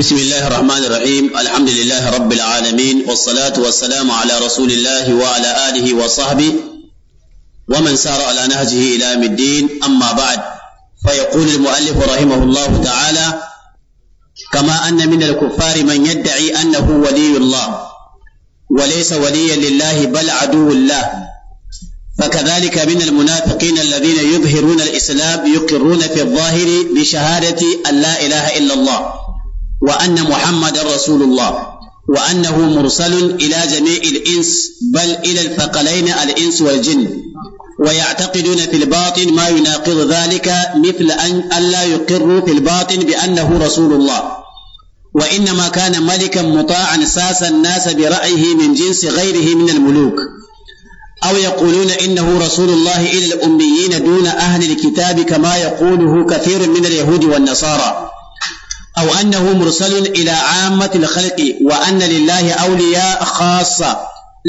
بسم الله الرحمن الرحيم الحمد لله رب العالمين والصلاة والسلام على رسول الله وعلى آله وصحبه ومن سار على نهجه إلى يوم الدين أما بعد فيقول المؤلف رحمه الله تعالى كما أن من الكفار من يدعي أنه ولي الله وليس وليا لله بل عدو الله فكذلك من المنافقين الذين يظهرون الإسلام يقرون في الظاهر بشهادة أن لا إله إلا الله وأن محمد رسول الله وأنه مرسل إلى جميع الإنس بل إلى الثقلين الإنس والجن ويعتقدون في الباطن ما يناقض ذلك مثل أن ألا يقروا في الباطن بأنه رسول الله وإنما كان ملكا مطاعا ساس الناس برأيه من جنس غيره من الملوك أو يقولون إنه رسول الله إلى الأميين دون أهل الكتاب كما يقوله كثير من اليهود والنصارى أو أنه مرسل إلى عامة الخلق وأن لله أولياء خاصة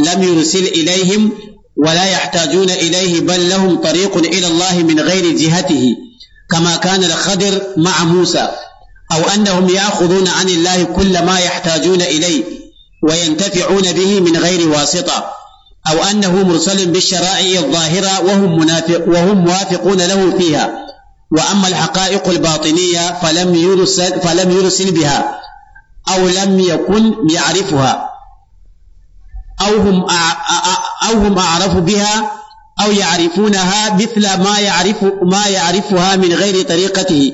لم يرسل إليهم ولا يحتاجون إليه بل لهم طريق إلى الله من غير جهته كما كان الخدر مع موسى أو أنهم يأخذون عن الله كل ما يحتاجون إليه وينتفعون به من غير واسطة أو أنه مرسل بالشرائع الظاهرة وهم, منافق وهم موافقون له فيها وأما الحقائق الباطنية فلم يرسل, فلم يرسل بها أو لم يكن يعرفها أو هم أو هم أعرف بها أو يعرفونها مثل ما يعرف ما يعرفها من غير طريقته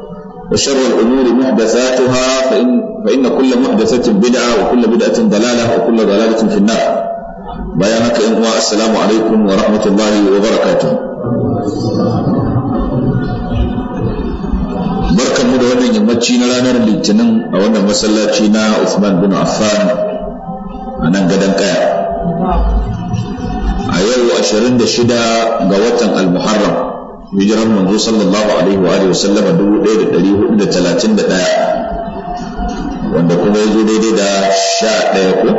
وشر الأمور محدثاتها فإن, فإن كل محدثة بدعة وكل بدعة ضلالة وكل ضلالة في النار بيانك إن السلام عليكم ورحمة الله وبركاته barkan mu da wannan yammaci na ranar litinin a wannan masallaci na Usman bin Affan a nan gadon kaya a yau shida ga watan al-Muharram hijirar manzo sallallahu alaihi wa alihi wasallam dubu ɗaya da ɗari hudu da talatin da ɗaya wanda kuma ya zo daidai da sha ɗaya ko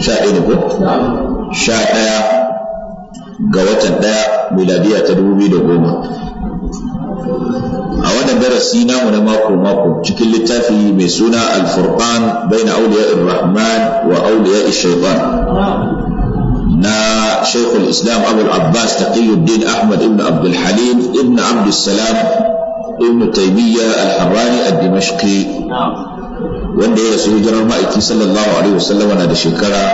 sha ɗaya ko sha ɗaya ga watan ɗaya miladiya ta dubu biyu da goma a wannan darasi namu na mako mako cikin littafi mai suna al-furqan bayna awliya ar-rahman wa awliya ash-shaytan na shaikhul islam abul abbas taqiyuddin ahmad ibn abdul halim ibn abdul salam ibn taymiyya al wanda ya rasu hijirar ma'aiki sallallahu alaihi wasallam na da shekara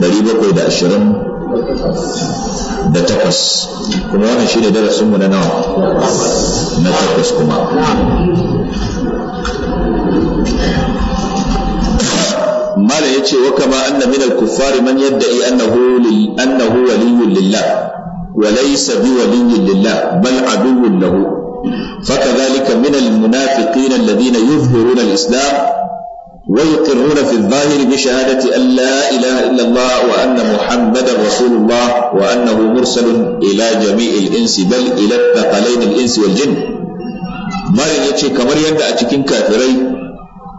720 da takwas kuma wannan shi ne darasinmu na nawa na takwas kuma mala yace wa kama anna min al-kuffar man yad'i annahu li annahu waliyyun lillah wa laysa bi waliyyin lillah bal aduwwun lahu fakadhalika min al-munafiqin alladhina yuzhiruna al-islam ويقرون في Allah بشهادة أن لا إله إلا الله وأن محمدا رسول الله وأنه مرسل إلى جميع الإنس بل إلى الثقلين الإنس ya ce kamar yadda a cikin kafirai.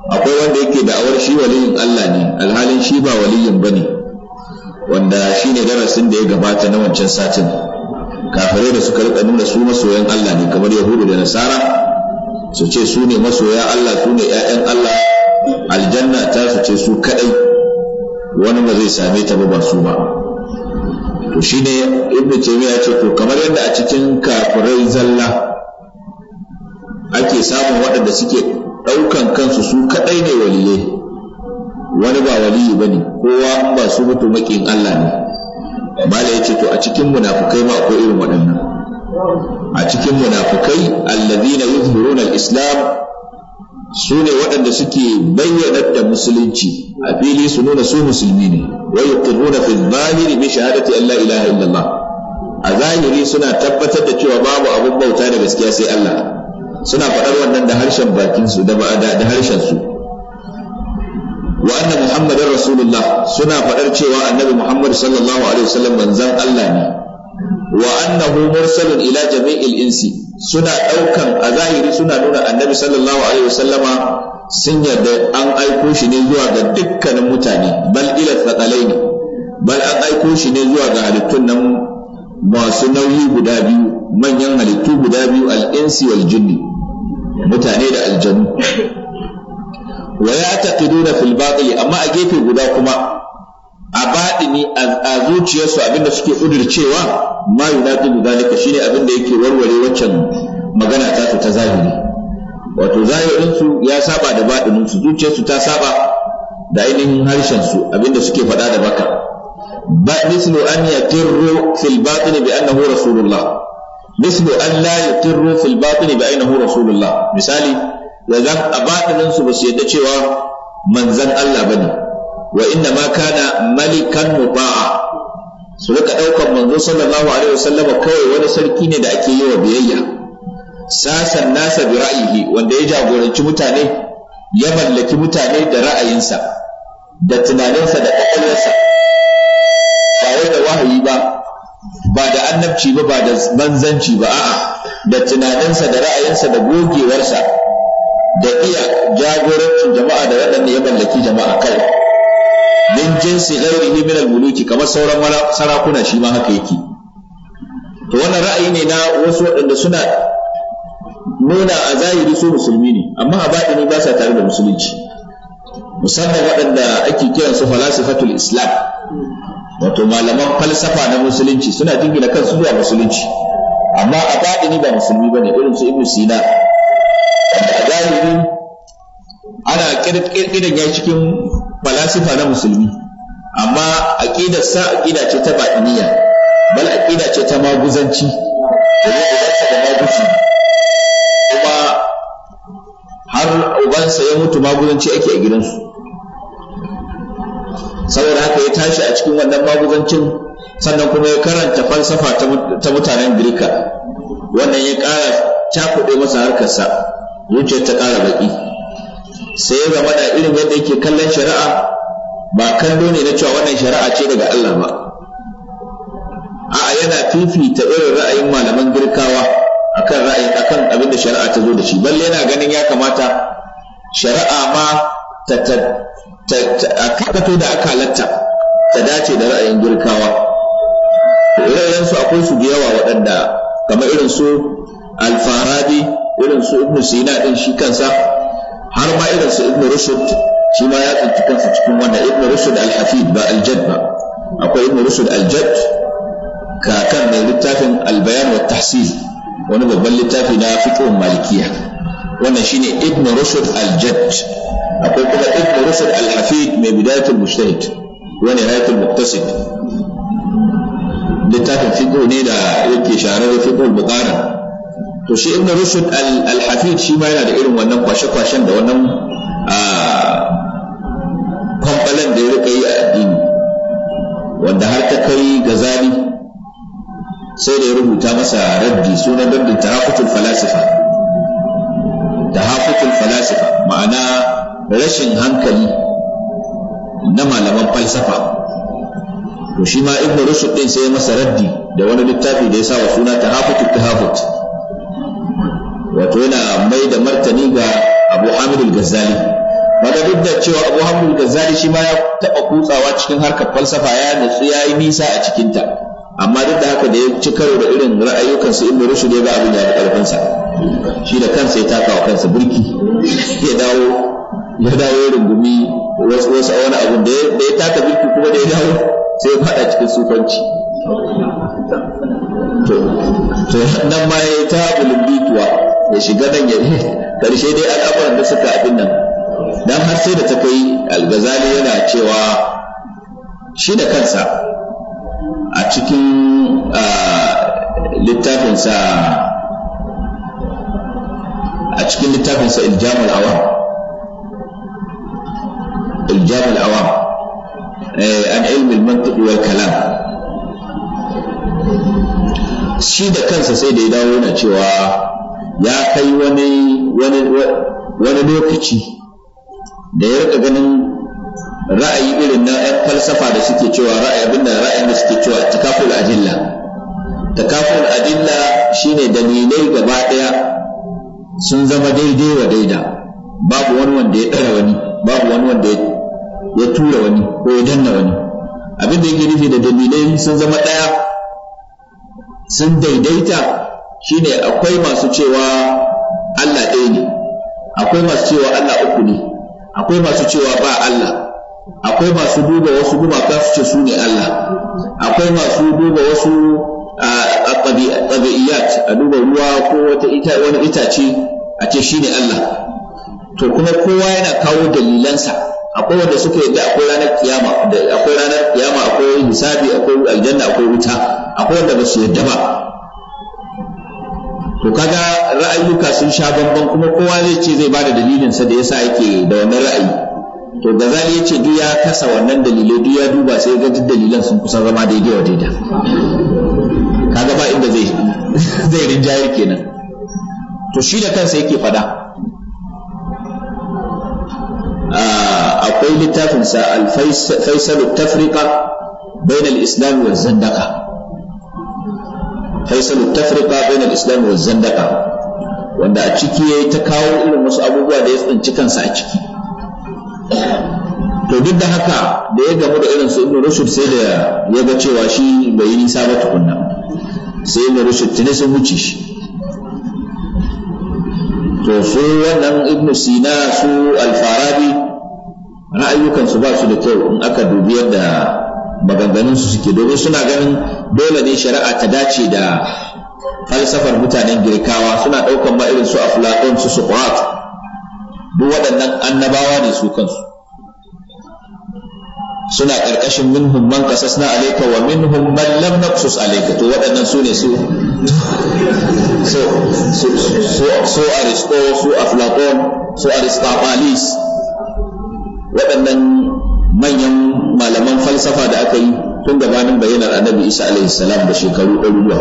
akwai wanda yake da'awar shi waliyin Allah ne alhalin shi ba waliyin ba ne wanda shi ne darasin da ya gabata na wancan satin kafare da suka rika nuna su masoyan Allah ne kamar yahudu da nasara su ce su ne masoya Allah su ne 'ya'yan Allah aljanna ta su ce su kadai wani ba zai same ta ba ba su ba to shi ne ibnu taymiya ce to kamar yadda a cikin kafirai zalla ake samun waɗanda suke ɗaukan kansu su kaɗai ne waliyai wani ba waliyi ba ne kowa ba su mutu makin Allah ne mala ya ce to a cikin munafukai ma akwai irin waɗannan a cikin munafukai allazina yuzhiruna al-islam su ne waɗanda suke bayyana da musulunci a fili su nuna su musulmi ne wa yuqirruna fi zahiri bi shahadati an ilaha illallah a zahiri suna tabbatar da cewa babu abin bauta da gaskiya sai Allah suna faɗar wannan da harshen bakinsu da da harshensu wa anna muhammadar rasulullah suna faɗar cewa annabi muhammad sallallahu alaihi wasallam manzan allah ne wa annahu mursalun ila jami'il insi suna ɗaukan a zahiri suna nuna annabi sallallahu alaihi wasallama sun yarda an aiko shi ne zuwa ga dukkanin mutane bal ila thakalai ne bal an aiko shi ne zuwa ga halittun nan masu nauyi guda biyu manyan halittu guda biyu insi wal jinni mutane da aljanu wa ya taqiduna fil batil amma a gefe guda kuma a baɗini a zuciyarsu abinda suke ƙudurcewa ma yunaqidu zalika shine abinda yake warware waccan magana ta su ta zahiri wato zahirinsu ya saba da baɗininsu zuciyarsu ta saba da ainihin harshen harshensu abinda suke faɗa da baka ba mislu an yaqirru fil batin bi annahu rasulullah mislu an la yutirru fil batini bi ainihi rasulullah misali zan a su ba su yadda cewa manzan Allah bane wa inna ma kana malikan ba'a? su rika ɗaukar manzo sallallahu alaihi wasallam kawai wani sarki ne da ake yi wa biyayya sasan nasa bi ra'yihi wanda ya jagoranci mutane ya mallaki mutane da ra'ayinsa da tunaninsa da ƙwaƙwalwarsa ba wai da wahayi ba ba da annabci ba ba da banzanci ba a'a da tunaninsa da ra'ayinsa da gogewarsa da iya jagorancin jama'a da waɗanda ya mallaki jama'a kai min jinsi ghairihi min al-muluki kamar sauran sarakuna shi ma haka yake to wannan ra'ayi ne na wasu waɗanda suna nuna a zahiri su musulmi ne amma a baɗini ba sa tare da musulunci musamman waɗanda ake kiransu falasifatul islam wato malaman falsafa na musulunci suna jingina kansu zuwa musulunci amma a baɗini ba musulmi ba ne irin su ibnu sina wanda a zahiri ana ƙirƙirin ya cikin falasifa na musulmi amma aƙidar sa aƙida ce ta baɗiniya bal aƙida ce ta maguzanci domin ubansa da maguzi kuma har ubansa ya mutu maguzanci ake a gidansu saboda haka ya tashi a cikin wannan maguzancin sannan kuma ya karanta falsafa ta mutanen girka wannan ya kara cakuɗe masa harkarsa zuciyar ta ƙara baƙi sai ya zama da irin yadda yake kallon shari'a ba kallo ne na cewa wannan shari'a ce daga Allah ba a'a yana fifita irin ra'ayin malaman girkawa akan ra'ayin akan abin da shari'a ta zo da shi balle yana ganin ya kamata shari'a ma ta a kakato da aka halarta ta dace da ra'ayin girkawa ire su akwai su da yawa waɗanda kamar irin su alfarabi irin su ibnu sina din shi kansa har ma irin su ibnu rushd shi ma ya tsinci kansa cikin wannan ibnu rushd al-hafid ba al ba akwai ibnu rushd al-jadd kakan mai littafin albayan bayan wa tahsil wani babban littafi na fiqh malikiya wannan shine ibn rushd al-jadd akwai kuma ibn rushd al-hafid mai bidayatul mujtahid wani nihayatul muqtasid littafin fiqh ne da yake shahararren fiqh al-muqarrar to shi ibn rushd al-hafid shi ma yana da irin wannan kwashe-kwashen da wannan kwamfalan da ya rika yi a addini wanda har ta kai ga zani sai da ya rubuta masa raddi sunan raddin tarakutul rashin hankali na malaman falsafa to shi ma ibnu rushd din sai masa raddi da wani littafi da ya sa wa suna tahafut tahafut wato yana mai da martani ga abu hamid al-ghazali wanda duk da cewa abu hamid al-ghazali shi ma ya taba kutsawa cikin harkar falsafa ya nutsu ya yi nisa a cikinta amma duk da haka da ya ci karo da irin ra'ayukan su ibnu rushd ya ga abin da ya karfin sa shi da kansa ya taka wa kansa burki ya dawo ya dawo rungumi wasu wasu wani abu da ya taka birki kuma da ya dawo sai ya fada cikin sufanci to nan ma ya ta bituwa ya shiga nan ya karshe dai al'amuran da suka abin nan dan har sai da ta kai algazali yana cewa shi da kansa a cikin littafinsa a cikin littafinsa iljamul awam الجامع العوام عن علم المنطق والكلام shi da kansa sai da ya dawo yana cewa ya kai wani lokaci da ya rika ganin ra'ayi irin na 'yan falsafa da suke cewa ra'ayi abinda ra'ayin da suke cewa takaful adilla takaful adilla shine dalilai gaba daya sun zama daidai wa daida babu wani wanda ya ɗara wani babu wani wanda ya ya tura wani ko ya danna wani abin da yake nufi da dalilai sun zama ɗaya sun daidaita shine akwai masu cewa Allah ɗaya ne akwai masu cewa Allah uku ne akwai masu cewa ba Allah akwai masu duba wasu gumaka su ce su ne Allah akwai masu duba wasu tabi'iyat a duba ruwa ko wata ita wani itace a ce shi ne Allah to kuma kowa yana kawo dalilansa akwai wanda suka yadda akwai ranar kiyama akwai ranar kiyama akwai hisabi akwai aljanna akwai wuta akwai wanda ba su yadda ba to kaga ra'ayuka sun sha bamban kuma kowa zai ce zai bada dalilin sa da yasa yake da wannan ra'ayi to gazali yace duk ya kasa wannan dalilai duk ya duba sai ga duk dalilan sun kusa zama daidai wa daidai kaga ba inda zai zai rinjayar kenan to shi da kansa yake fada akwai littafin sa al tafriqa bain al-islam wa zandaka faisal tafriqa bain al-islam wa zandaka wanda a ciki yayi ta kawo irin wasu abubuwa da ya tsinci kansa a ciki to duk da haka da ya gamu da irin su ibnu rushd sai da ya ga cewa shi bai yi nisa ba tukunna sai ibnu rushd tuni sun wuce shi to su wannan ibnu sina su al-farabi mana ba su da kyau in aka dubi yadda maganganunsu suke domin suna ganin dole ne shari'a ta dace da falsafar mutanen girkawa suna ɗaukan ma irin su aflatun su suqrat duk waɗannan annabawa ne su kansu suna ƙarƙashin minhum man qasasna alayka wa min man lam naqsus alayka to waɗannan su ne su su su su aristo su aflatun su aristotelis waɗannan manyan malaman falsafa da aka yi tun gabanin bayyanar annabi isa alaihi salam da shekaru ɗaruruwa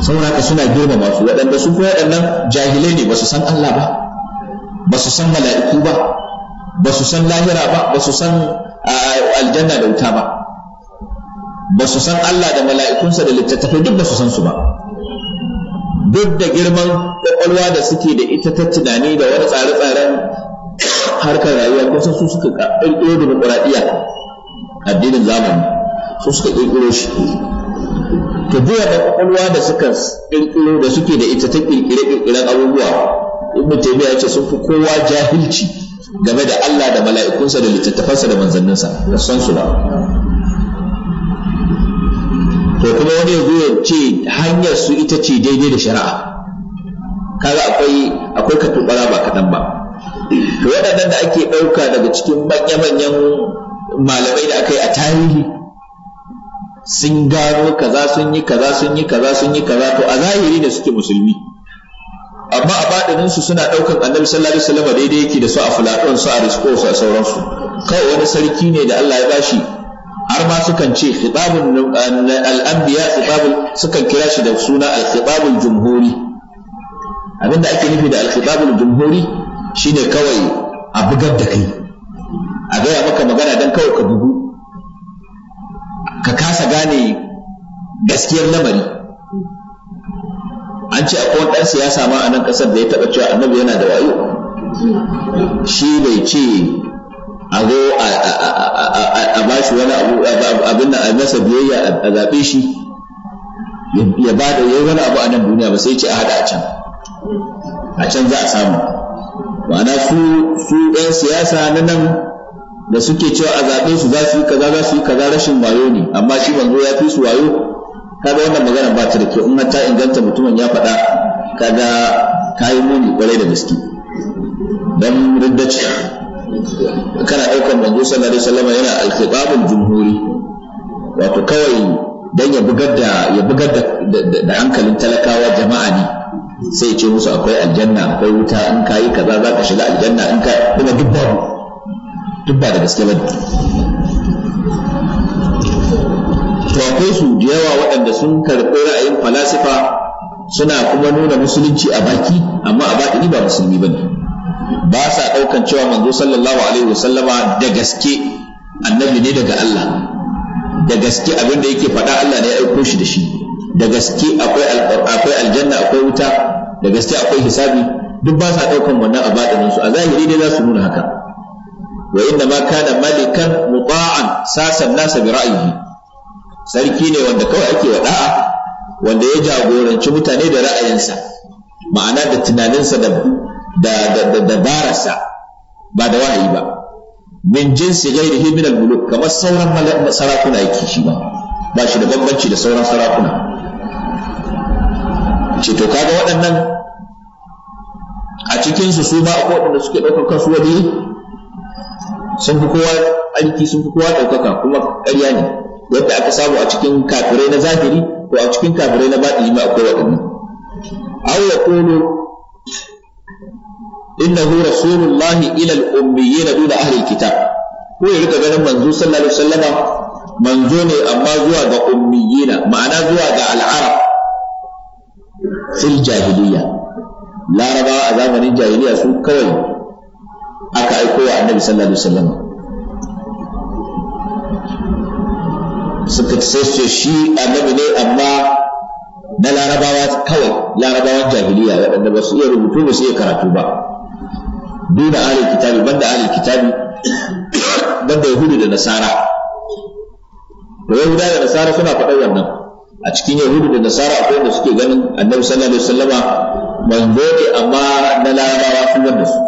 saboda haka suna girma masu waɗanda su kuma waɗannan jahilai ne ba su san Allah ba ba su san mala'iku ba ba su san lahira ba ba su san aljanna da wuta ba ba su san Allah da mala'ikunsa da littattafai duk ba su san su ba duk da girman ƙwaƙwalwa da suke da ita ta tunani da wani tsare-tsaren harkar rayuwa kusan su suka ƙirƙiro demokuraɗiyya addinin zamani sun suka ƙirƙiro shi to duk da ƙwaƙwalwa da suka ƙirƙiro da suke da ita ta ƙirƙire ƙirƙiren abubuwa ibn taymiya ya ce sun fi kowa jahilci game da Allah da mala'ikunsa da littattafansa da manzanninsa da san su ba to kuma wani ya ya ce hanyar su ita ce daidai da shari'a kaga akwai akwai katubara ba kaɗan ba waɗannan da ake ɗauka daga cikin manya-manyan malamai da aka yi a tarihi sun gano kaza sun yi kaza sun yi kaza sun yi kaza to a zahiri da suke musulmi amma a baɗinin su suna ɗaukan annabi sallallahu alaihi wasallam daidai yake da su a fulatun su a risko su a sauransu kawai wani sarki ne da Allah ya bashi har ma sukan ce khitabun eh, al-anbiya khitabun sukan kira shi da suna al-khitabul jumhuri abinda ake nufi da al-khitabul jumhuri Shi ne kawai a bugar da kai a gaya maka magana don kawai ka bugu ka kasa gane gaskiyar lamari an ce akwai wani ɗan siyasa ma a nan ƙasar da ya taɓa cewa annabi yana da wayo shi bai ce a zo a ba shi wani abin da a masa biyayya a zaɓe shi ya ba da wani abu a nan duniya ba sai ce a haɗa a can a can za a samu ma'ana su su ɗan siyasa na nan da suke cewa a zaɓe su za su yi kaza za su yi kaza rashin wayo ne amma shi manzo ya fi su wayo kaga wannan magana ba ta da kyau in ta inganta mutumin ya faɗa kaga yi muni kwarai da gaske dan riddaci kana ɗaukar manzo sallallahu alaihi wasallam yana al jumhuri wato kawai dan ya bugar da ya bugar da hankalin talakawa jama'a ne sai ce musu akwai aljanna akwai wuta in ka yi kaza za ka shiga aljanna in ka kuma duk ba duk ba da gaske ba to akwai su da yawa waɗanda sun karɓi ra'ayin falasifa suna kuma nuna musulunci a baki amma a ni ba musulmi ba ba sa ɗaukan cewa manzo sallallahu alaihi wasallama da gaske annabi ne daga Allah da gaske abin da yake faɗa Allah ne ya aiko shi da shi da gaske akwai aljanna akwai wuta da gaske akwai hisabi duk ba sa ɗaukan wannan a baɗinin su a zahiri dai za su nuna haka wa inna ma kana malikan muta'an sasan nasa bi ra'ayi sarki ne wanda kawai ake wa da'a wanda ya jagoranci mutane da ra'ayinsa ma'ana da tunaninsa da da dabararsa ba da wahayi ba min jinsi ghairihi min al-muluk kamar sauran sarakuna yake shi ba ba shi da bambanci da sauran sarakuna ce to kaga waɗannan a cikinsu su ba ko waɗanda suke ɗaukar kansu wani sun fi kowa aiki sun fi kowa ɗaukaka kuma ƙarya ne yadda aka samu a cikin kafirai na zahiri ko a cikin kafirai na baɗi ma akwai waɗannan aw yaqulu innahu rasulullahi ila al-ummiyyin duna ahli kitab ko ya rika ganin manzo sallallahu alaihi wasallama manzo ne amma zuwa ga ummiyina ma'ana zuwa ga al'arab fil jahiliya larabawa a zamanin jahiliya su kawai aka aiko wa annabi sallallahu alaihi wasallam suka ce shi annabi ne amma na larabawa kawai larabawan jahiliya waɗanda ba su iya rubutu ba su iya karatu ba duna ahli kitabi banda ahli kitabi banda yahudu da nasara da yahuda da nasara suna faɗar wannan a cikin yahudu da nasara akwai wanda suke ganin annabi sallallahu alaihi wasallama manzo ne amma na larabawa sun wanda su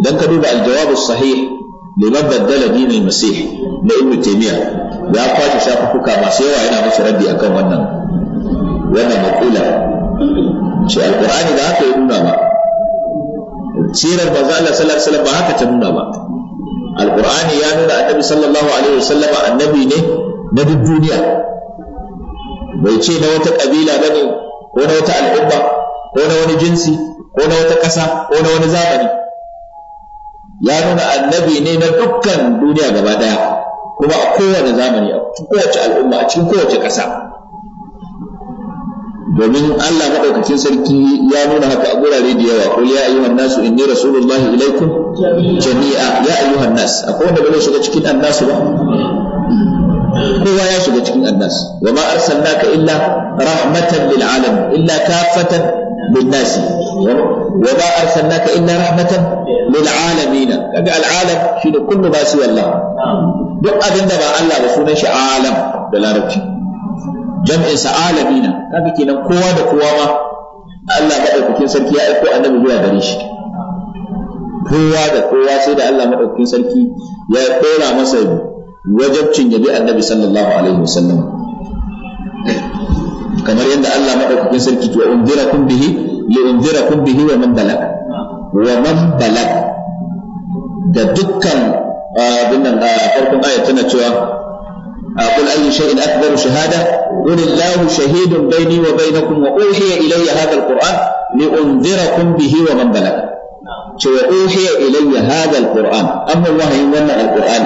idan ka duba aljawabu sahih liman baddala dinin masih na ibnu taymiya ya kwace shafuka masu yawa yana masa raddi akan wannan wannan makula ce alqur'ani da haka ya nuna ba sirar manzo Allah sallallahu alaihi wasallam ba haka ta nuna ba alqur'ani ya nuna annabi sallallahu alaihi wasallama annabi ne na duk duniya bai ce na wata kabila ne, ko na wata al'umma ko na wani jinsi ko na wata ƙasa ko na wani zamani ya nuna annabi ne na dukkan duniya gaba ɗaya, kuma a kowane zamani a kowace al'umma a cikin kowace ƙasa domin Allah maɗaukacin sarki ya nuna haka a gurare da yawa ko ya ayyuhan nasu inni rasulullahi ilaikum jami'a ya ayyuhan nas akwai wanda bai shiga cikin annasu ba kowa ya shiga cikin annas wa ma arsalnaka illa rahmatan lil alamin illa kafatan lin nas wa ma arsalnaka illa rahmatan lil alamin kaga al alam shine kullu ba su wallah duk abinda ba Allah ba sunan shi alam da larabci jam'in sa alamina kaga kenan kowa da kowa ma Allah madaukakin sarki ya aiko annabi zuwa gare shi kowa da kowa sai da Allah madaukakin sarki ya kora masa wajabcin ya bi annabi sallallahu alaihi wasallam kamar yadda Allah madaukakin sarki to kun bihi li kun bihi wa man balag wa man balag da dukkan ah, abin nan ah, farkon ayat tana cewa قل ah, shahidun شيء wa شهادة wa الله شهيد بيني وبينكم وأوحي إلي هذا القرآن لأنذركم به ومن بلغ وأوحي إلي هذا القرآن أما الله إن القرآن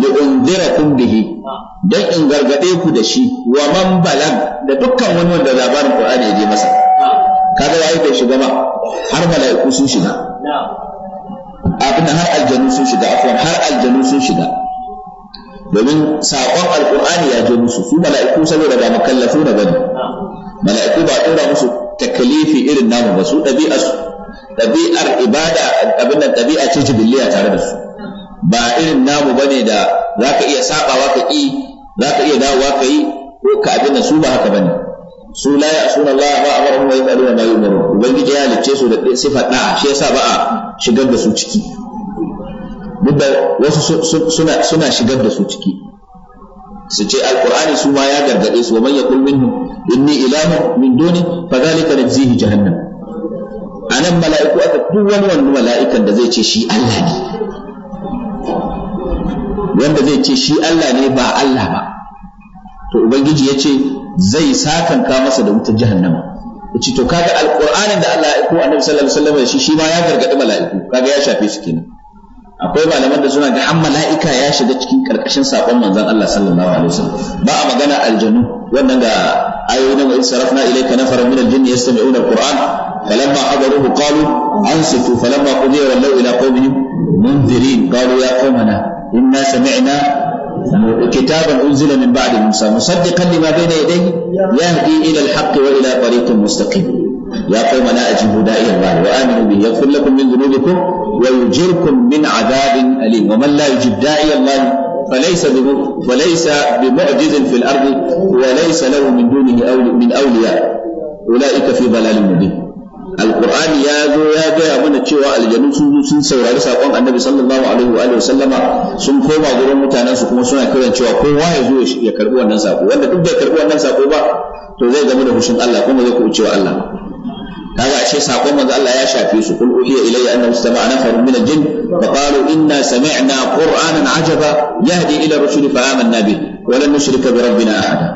li unzirakum bihi dan in gargade ku da shi wa man balag da dukkan wani wanda labarin Qur'ani ya je masa kaga yayi bai shiga ba har mala'iku sun shiga abin har aljanu sun shiga afwan har aljanu sun shiga domin saƙon alƙur'ani ya je musu su mala'iku saboda ba makallafu na bane mala'iku ba tura musu takalifi irin namu ba su ɗabi'ar ibada abin da ɗabi'a ce jibiliya tare da su ba irin namu bane da zaka iya sabawa ka za zaka iya dawowa ka yi ko ka abin da su ba haka bane su la ya asuna Allah wa amaruhum wa yaquluna ma yumaru ubangiji ya halicce su da sifa da shi yasa ba a shigar da su ciki duk da wasu suna suna shigar da su ciki su ce alqur'ani su ma ya gargade su wa man yaqul minhu inni ilahu min duni zalika najzihi jahannam anan mala'iku aka duk wani wani mala'ikan da zai ce shi Allah ne wanda zai ce shi Allah ne ba Allah ba to ubangiji ya ce zai sakanka masa da wutar jahannama yace to kaga alqur'anin da Allah ya aiko annabi sallallahu alaihi wasallam shi ma ya gargadi mala'iku kaga ya shafe su kenan akwai malaman da suna ga an mala'ika ya shiga cikin karkashin sakon manzon Allah sallallahu alaihi wasallam ba a magana aljanu wannan ga أيوة، إنما إذ صرفنا إليك نفرا من الجن يستمعون القرآن فلما حضروه قالوا أنصتوا فلما قضي ولوا إلى قومهم منذرين قالوا يا قومنا إنا سمعنا كتابا أنزل من بعد موسى مصدقا لما بين يديه يهدي إلى الحق وإلى طريق مستقيم يا قومنا أجيبوا داعي الله وآمنوا به يغفر لكم من ذنوبكم ويجركم من عذاب أليم ومن لا يجب داعي الله فليس وليس بمعجز في الارض وليس له من دونه أولي من اولياء اولئك في ضلال مبين القران يا ذو يا ذو يا من تشوا الجن سن سوراري سakon النبي صلى الله عليه واله وسلم سن كوما غورن متانن سو كوما سونا كيران تشوا كو يا كربو wannan sako تبدا duk da karbi wannan sako ba to zai gama da hushin Allah kaga a ce sakon manzo Allah ya shafe su kul uhiya ilayya annahu istama'a nafarun min al-jinn fa qalu inna sami'na qur'anan ajaba yahdi ila rusuli fa amanna bi wa lan nushrika bi rabbina ahada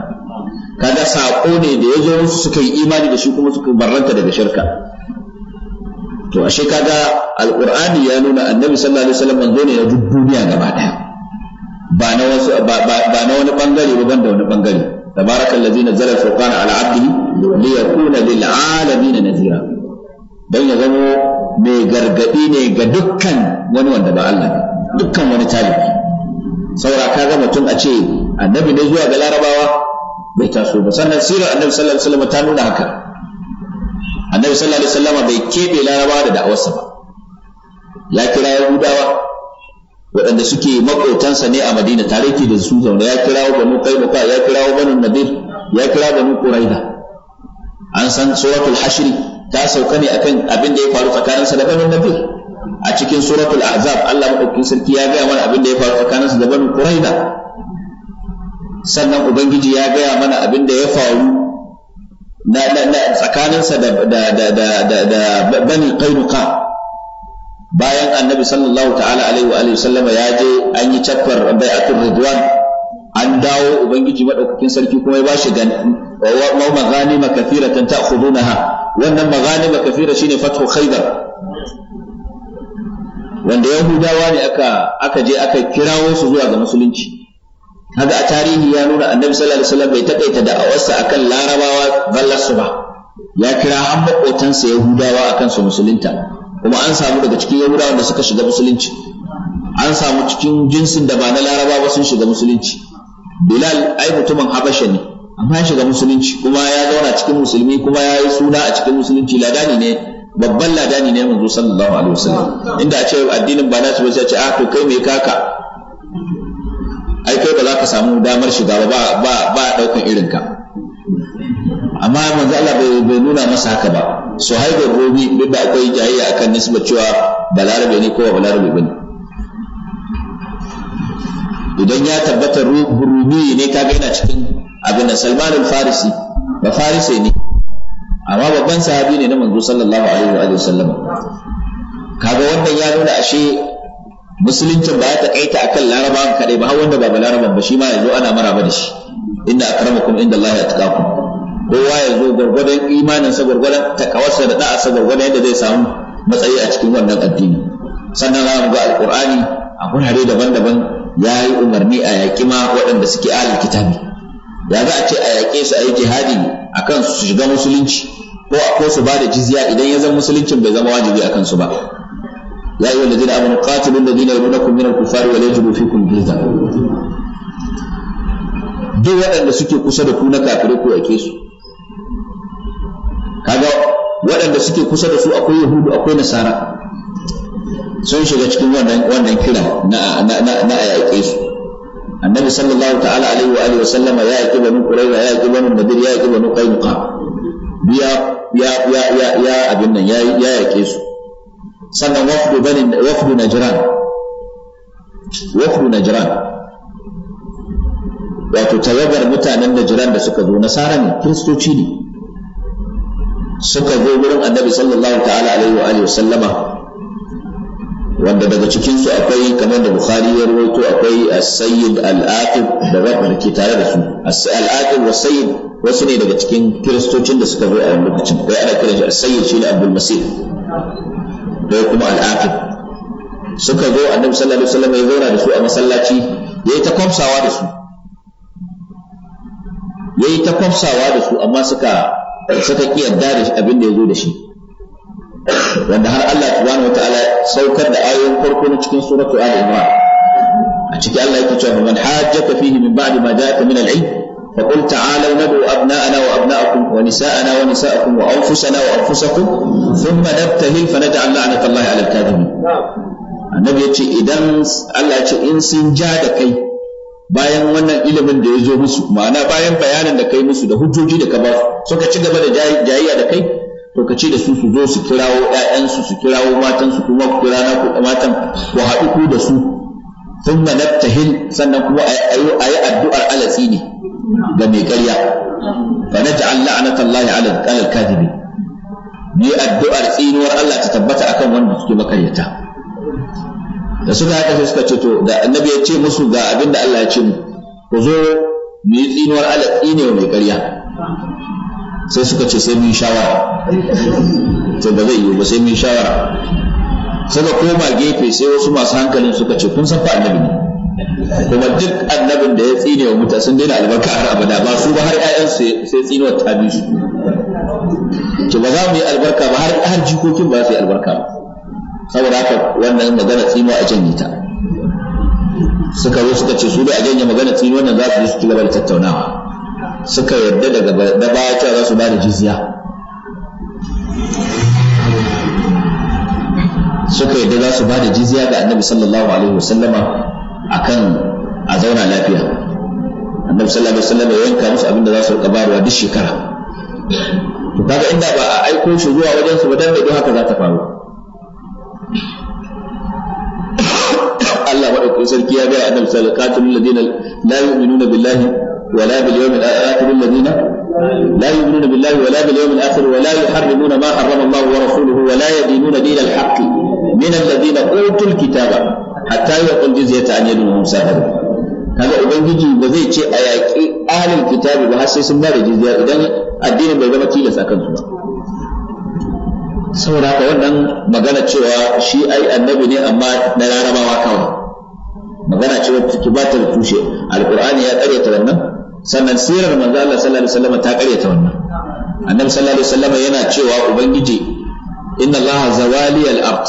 kaga sako ne da yazo musu suka yi imani da shi kuma suka barranta daga shirka to ashe kaga alqur'ani ya nuna annabi sallallahu alaihi wasallam manzo ne na duniya gaba daya ba na wasu ba na wani bangare ba banda wani bangare tabarakallazi nazzala al-furqana ala 'abdihi li yakuna lil alamin nazira dan ya zamo mai gargadi ne ga dukkan wani wanda ba Allah dukkan wani talibi saura ka ga mutum a ce annabi ne zuwa ga larabawa bai taso ba sannan sirar annabi sallallahu alaihi wasallam ta nuna haka annabi sallallahu alaihi wasallam bai kebe larabawa da da'awarsa ba ya kira yahudawa waɗanda suke maƙotansa ne a madina tare ke da su zaune ya kirawo banu kaimuka ya kirawo banu nadir ya kira banu quraida an san suratul hashri ta sauka ne akan abin da ya faru tsakaninsa da banin nabi a cikin suratul azab Allah madaukakin sarki ya gaya mana abin da ya faru tsakaninsa da banin quraida sannan ubangiji ya gaya mana abin da ya faru na tsakaninsa da da da da da bani qainuqa bayan annabi sallallahu ta'ala alaihi wa alihi sallama ya je an yi chapter bai'atul ridwan an dawo ubangiji madaukakin sarki kuma ya bashi wa maghanima kathiratan ta'khudunaha wannan maghanima kathira shine fathu khaybar wanda yahudawa ne aka aka je aka kirawo su zuwa ga musulunci haka a tarihi ya nuna annabi sallallahu alaihi wasallam bai takaita da'awarsa akan larabawa su ba ya kira an makotansa yahudawa akan su musulunta kuma an samu daga cikin yahudawa da suka shiga musulunci an samu cikin jinsin da ba na laraba ba sun shiga musulunci bilal ai mutumin habasha ne amma ya shiga musulunci kuma ya zauna cikin musulmi kuma ya yi suna a cikin musulunci ladani ne babban ladani ne manzo sallallahu alaihi wasallam inda a ce addinin ba nasu ba sai a ce a ah, to kai me kaka ai kai ba za ka samu damar shiga ba ba ba daukan irin ka amma manzo Allah bai nuna masa haka ba da rumi duk da akwai jayayya akan nisbar cewa balarabe ne ko ba balarabe bane idan ya tabbatar rumi ne kaga yana cikin abin da Salman al-Farisi ba Farisi ne amma babban sahabi ne na manzo sallallahu alaihi wa sallam kaga wannan ya nuna ashe musuluncin ba ya takaita akan larabawan kadai ba har wanda ba laraban ba shi ma yazo ana maraba da shi inna akramakum inda Allah ya yatqakum kowa ya zo gwargwadon imanin sa gwargwadon takawarsa da da'a sa gwargwadon yadda zai samu matsayi a cikin wannan addini sannan za mu ga alqur'ani a gurare daban-daban ya yi umarni a yaƙi ma waɗanda suke alkitabi kitabi da za a ce a yaƙe su a yi jihadi a kan su shiga musulunci ko a ko su ba da jizya idan ya zama musuluncin bai zama wajibi a kansu ba ya yi wanda jina abin qatilun da dina yaruna kun minar kufari wa fi fikum jizya duk waɗanda suke kusa da ku na kafirai ko yaƙe su kaga waɗanda suke kusa da su akwai yahudu akwai nasara sun shiga cikin wannan kira na a yaƙe su annabi sallallahu ta'ala alaihi wa alihi wasallama ya yaki banu quraiza ya yaki banu nadir ya yaki banu qainuqa ya ya ya ya abin nan ya ya yake su sannan wafdu bani wafdu najran wato tawagar mutanen najran da suka zo nasara ne kiristoci ne suka zo wurin annabi sallallahu ta'ala alaihi wa alihi wanda daga cikinsu akwai kamar da bukhari ya rawaito akwai as-sayyid al-aqib da wanda ke tare da su as-aqib wa sayyid wasu ne daga cikin kiristocin da suka zo a lokacin kai ana kiran shi as-sayyid shi ne abdul masih dai kuma al-aqib suka zo annabi sallallahu alaihi wasallam ya zauna da su a masallaci yayi ta kwamsawa da su yayi ta kwamsawa da su amma suka suka ki da abin da ya zo da shi wanda har Allah subhanahu ta'ala saukar da ayoyin farko na cikin suratul ali imran a ciki Allah yake cewa man hajjaka fihi min ba'di ma ja'aka min al-ilm فقل تعالوا ندعو أبناءنا وأبناءكم ونساءنا ونساءكم وأنفسنا وأنفسكم ثم نبتهل فنجعل لعنة الله على الكاذبين annabi ya ce idan Allah ce in sun ja da kai bayan wannan ilimin da ya zo musu ma'ana bayan bayanin da kai musu da hujjoji da ka ba suka ci gaba da jayayya da kai to ka ce da su su zo su kirawo ƴaƴansu su kirawo matansu kuma ku kira na ku matan ku haɗu ku da su thumma naftahil sannan kuma a yi addu'ar alatsi ne ga mai ƙarya fa naj'al la'natallahi 'ala al-kadhibin ni addu'ar tsinuwar Allah ta tabbata akan wanda suke makaryata da suka haka sai suka ce to da annabi ya ce musu ga abin da Allah ya ce mu ku zo mu yi tsinuwar Allah ne mai ƙarya sai suka ce sai mun shawara to ba zai yi ba sai mun shawara suka koma gefe sai wasu masu hankalin suka ce kun san fa annabi ne kuma duk annabin da ya tsine wa mutane sun daina albarka har abada ba su ba har ƴaƴan sai tsinewa ta bi su to ba za mu yi albarka ba har har jikokin ba su yi albarka ba saboda haka wannan magana tsino a janye ta suka zo suka ce su da a janye magana tsino nan za su yi su ci gaba da tattaunawa suka yarda daga jizya suka yadda za su ba da jizya ga annabi sallallahu alaihi wasallama kan a zauna lafiya annabi sallallahu alaihi wasallama ya yanka musu abin da za su rika bayarwa duk shekara to kaga inda ba a aiko shi zuwa wajen su ba dan da haka za ta faru Allah madaukakin sarki ya ga annabi sallallahu alaihi wasallam qatilul ladina la yu'minuna billahi wala bil yawmil akhir alladina لا يؤمنون بالله ولا باليوم الآخر ولا يحرمون ما حرم الله ورسوله ولا يدينون دين الحق من الذين أوتوا الكتاب حتى يقول جزية عن يد مسافر kaga ubangiji ba zai ce a yaƙi ahlul kitabi ba har sai sun ba da jizya idan addinin bai zama tilas akan su saboda haka wannan magana cewa shi ai annabi ne amma na larabawa kawai magana cewa take ba ta tushe alqur'ani ya ta wannan sannan sirar manzo Allah sallallahu alaihi wasallam ta karyata wannan annabi sallallahu alaihi wasallam yana cewa ubangiji inna Allah zawali al-abd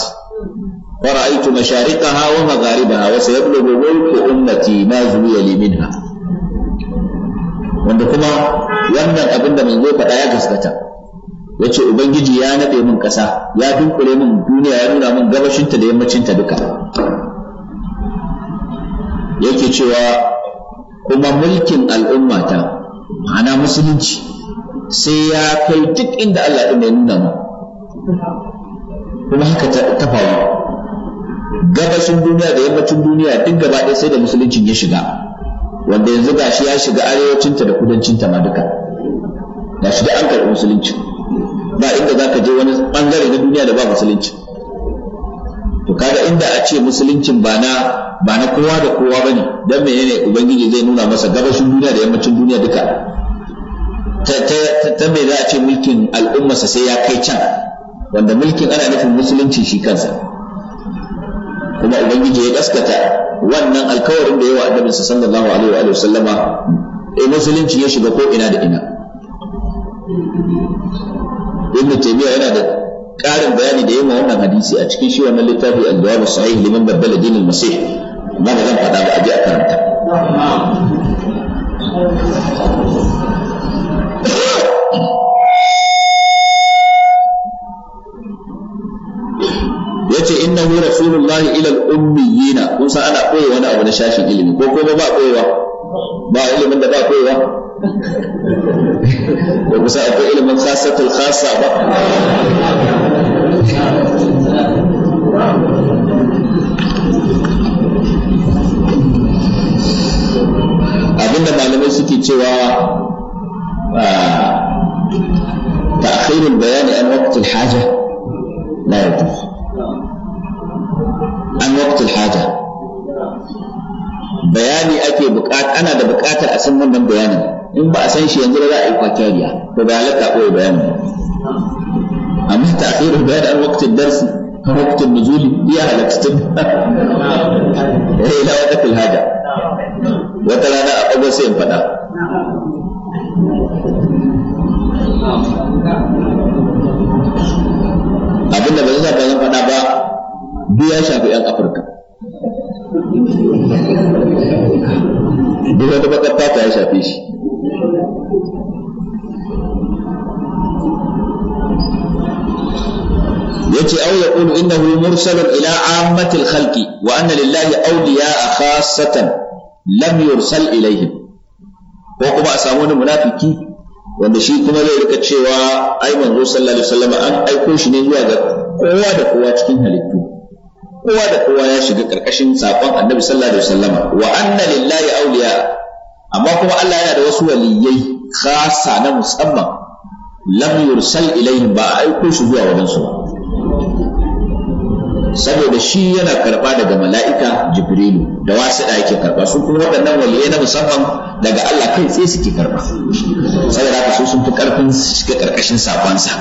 wa ra'aytu mashariqaha wa magharibaha wa sayablughu mulku ummati ma zuwiya li minha wanda kuma wannan abin da manzo faɗa ya gaskata ya ce ubangiji ya naɗe min ƙasa ya dunkule min duniya ya nuna min gabashinta da yammacinta duka yake cewa kuma mulkin al'ummata ana musulunci sai ya kai duk inda Allah ɗin ya nuna mu kuma haka ta faru gabashin duniya da yammacin duniya duk gaba ɗaya sai da musuluncin ya shiga wanda yanzu gashi ya shiga arewacinta da kudancinta ma duka gashi da an karɓi musulunci ba inda za ka je wani ɓangare na duniya da ba musulunci to kaga inda a ce musuluncin ba na ba na kowa da kowa bane dan menene ubangiji zai nuna masa gabashin duniya da yammacin duniya duka ta ta ta me za a ce mulkin al'ummarsa sai ya kai can wanda mulkin ana nufin musulunci shi kansa kuma ubangiji ya gaskata wannan alkawarin da yawa sa sallallahu alaihi wa sallama eh musulunci ya shiga ko ina da ina ibn taymiya yana da ƙarin bayani da yawa wannan hadisi a cikin shi wannan littafi al-jawab sahih liman baddala dinin masih amma ba zan faɗa ba a je a karanta yace innahu rasulullah ila al-ummiyina kun san ana koyewa wani abu na shashin ilimi ko kuma ba koyewa ba ilimin da ba koyewa ومساء الدليل من خاصة الخاصة أبدا ما سكي توا آه، تأخير البيان عن وقت الحاجة لا يجوز عن وقت الحاجة بياني أكي بكات أنا ده بكات أسمون من بياني in ba a san shi yanzu da za a yi kwakiyariya to bai halatta koyi bayani amma ta akhirin bayan an waktin darsi waktin nuzuli iya halatta tun eh ila wata kulhaja wata rana a ɓagon sai in faɗa Abinda ba zai ta zan faɗa ba duk ya shafi 'yan afirka duk wata bakar ta ya shafe shi yace aw yaqulu innahu mursalun ila ammatil khalqi wa anna lillahi awliya'a khassatan lam yursal ilaihim ko kuma a samu wani munafiki wanda shi kuma zai rika cewa ai manzo sallallahu alaihi wasallam an aiko shi ne zuwa ga kowa da kowa cikin halittu kowa da kowa ya shiga karkashin sakon annabi sallallahu alaihi wasallam wa anna lillahi awliya'a amma kuma Allah yana da wasu waliyyai khasa na musamman lam yursal ilaihim ba a aiko su zuwa wajen su saboda shi yana karba daga mala'ika jibrilu da wasu da yake karba su kuma waɗannan waliyai na musamman daga Allah kai sai suke karba saboda haka su sun fi karfin shiga karkashin sakonsa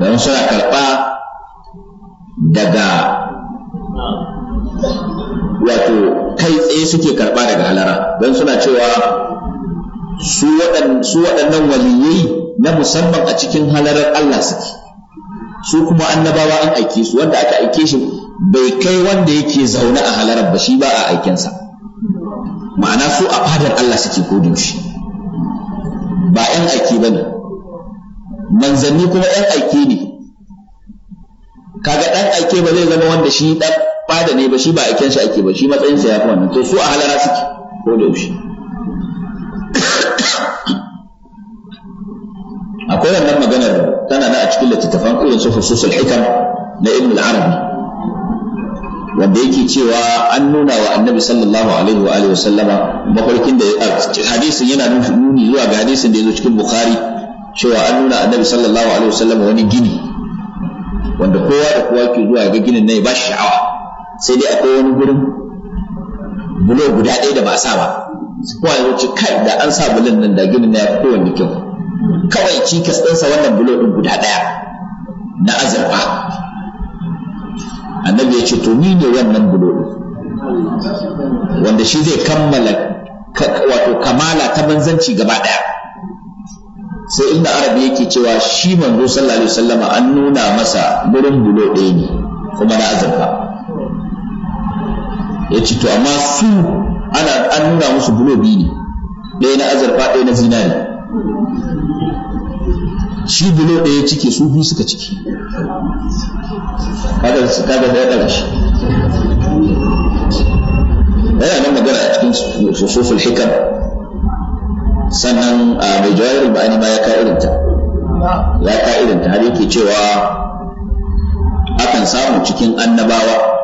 don suna karba daga wato kai tsaye suke karɓa daga halara don suna cewa su waɗannan waliyai na musamman a cikin halarar Allah suke su kuma annabawa an aike su wanda aka aike shi bai kai wanda yake zaune a halarar ba shi ba a aikensa ma'ana su a fadar Allah suke kodin shi ba 'yan aiki ba ne manzanni kuma 'yan aiki ne kaga ɗan aike ba zai zama wanda shi ɗan bada ne ba shi ba ake ba shi matsayin sa yafi wannan to su a halara suke ko da yaushe akwai wannan maganar tana nan a cikin littattafan irin su fususul hikam na ibn al-arabi wanda yake cewa an nuna wa annabi sallallahu alaihi wa alihi wasallama mafarkin da hadisin yana nuni zuwa ga hadisin da ya zo cikin bukhari cewa an nuna annabi sallallahu alaihi wasallama wani gini wanda kowa da kowa ke zuwa ga ginin nan ya ba sha'awa sai dai akwai wani gurin bulo guda ɗaya da ba a sa ba kuma ya wuce kai da an sa bulon nan da ginin na ya fi kowanne kyau kawai cikas ɗinsa wannan bulo ɗin guda ɗaya na azurfa annabi ya ce to ni ne wannan bulo ɗin wanda shi zai kammala wato kamala ta banzanci gaba ɗaya sai inda arabi yake cewa shi manzo sallallahu alaihi wasallama an nuna masa gurin bulo ɗaya ne kuma na azurfa ya ce to amma su ana an nuna musu gulobi ne ɗaya na azurfa ɗaya na zinari shi bulo ɗaya cike su biyu suka ciki kada su kada da ɗaga shi yana nan magana a cikin sosofin hikam sannan a mai jawahir ba'ani ma ya ka irinta ya ka irinta har yake cewa akan samu cikin annabawa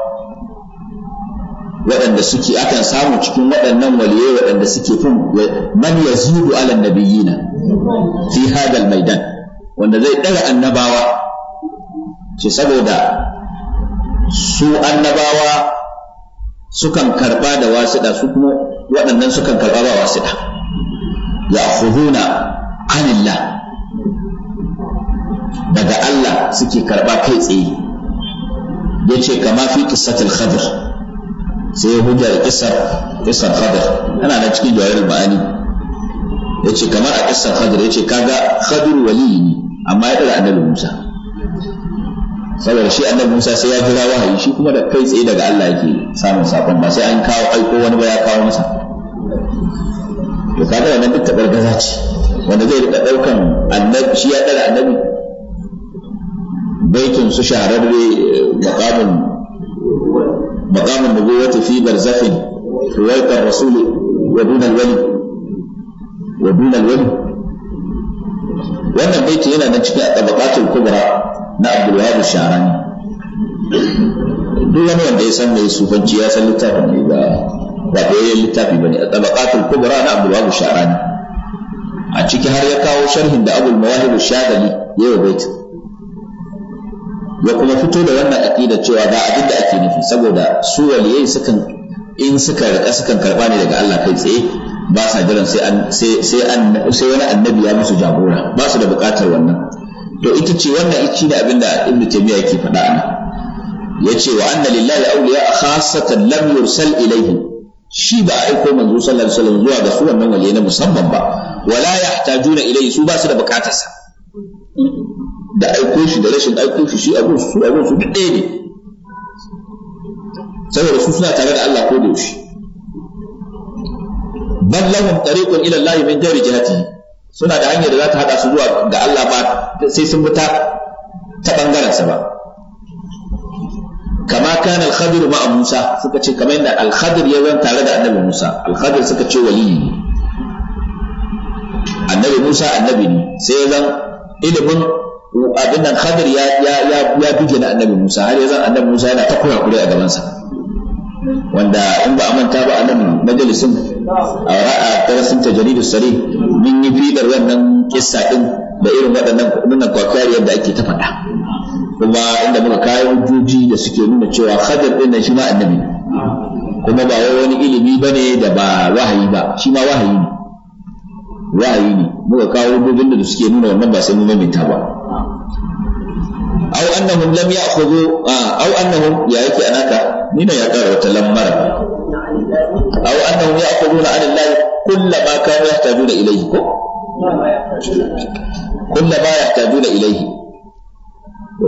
waɗanda suke akan samu cikin waɗannan waliyai waɗanda suke fin man yazidu ala nabiyina fi hadal maidan wanda zai ɗaga annabawa ce saboda su annabawa sukan karɓa da wasiɗa su kuma waɗannan sukan karɓa ba wasiɗa ya khuduna anillah daga Allah suke karɓa kai tsaye yace kama fi qissatil khadir sai ya hujja da kisar kisar khadar ana nan cikin jawahir ma'ani ya ce kamar a kisar khadar ya ce kaga khadur waliyi ne amma ya ɗaga annabi musa saboda shi annabi musa sai ya jira wahayi shi kuma da kai tsaye daga allah yake samun sakon ba sai an kawo aiko wani ba ya kawo masa to kaga wannan duk gaza ce wanda zai rika ɗaukan annabi shi ya ɗaga annabi baitin su shahararre eh, makamin مقام النبوة في برزخ رواية الرسول ودون الولي ودون الولي wannan baiti yana nan cikin tabaqatul kubra na Abdul Wahab duk wani wanda ya san mai sufanci ya san littafin ne ba ba koyayyen littafi ba ne, bane tabaqatul kubra na Abdul Wahab Sharani a ciki har ya kawo sharhin da Abul Mawahib Shadali yayin baitin ya kuma fito da wannan aqida cewa ba abin da ake nufi saboda su waliyai sukan in suka rika sukan karba ne daga Allah kai tsaye ba sa jiran sai an sai sai wani annabi ya musu jagora ba su da bukatar wannan to ita ce wannan ita ne abin da Ibn Taymiyyah yake faɗa ana yace wa anna lillahi awliya khassatan lam yursal ilayhi shi ba aiko manzo sallallahu alaihi wasallam zuwa ga su wannan waliyai na musamman ba wala yahtajuna ilayhi su ba su da bukatarsa da aiko shi da rashin aiko shi shi abun su abun su duk ɗaya ne saboda su suna tare da Allah ko da shi bal lahum tariqun ila Allah min ghairi jihati suna da hanyar da za ta hada su zuwa ga Allah ba sai sun fita ta bangaren sa ba kama kan al-khadir ma Musa suka ce kamar yadda al-khadir ya zan tare da annabi Musa al-khadir suka ce wali annabi Musa annabi ne sai ya zan ilimin abin nan khadir ya ya ya ya bige na annabi Musa har yanzu annabi Musa yana ta kura kure a gaban sa wanda in ba a manta ba a nan majalisin a ra'a darasin jaridu sari mun yi fidar wannan kissa din da irin waɗannan wannan kwakariyar da ake ta faɗa kuma inda muka kayan hujjoji da suke nuna cewa khadir din nan shi ma annabi kuma ba wani ilimi bane da ba wahayi ba shi ma wahayi ne ra'ayi ne muka kawo hujjojin da suke nuna wannan ba sai mun maimaita ba aw annahum lam ya'khudhu aw annahum ya yake anaka ni ne ya kara wata lamara aw annahum ya'khuduna 'ala Allah kullama kanu yahtajuna ilayhi ko kullama yahtajuna ilayhi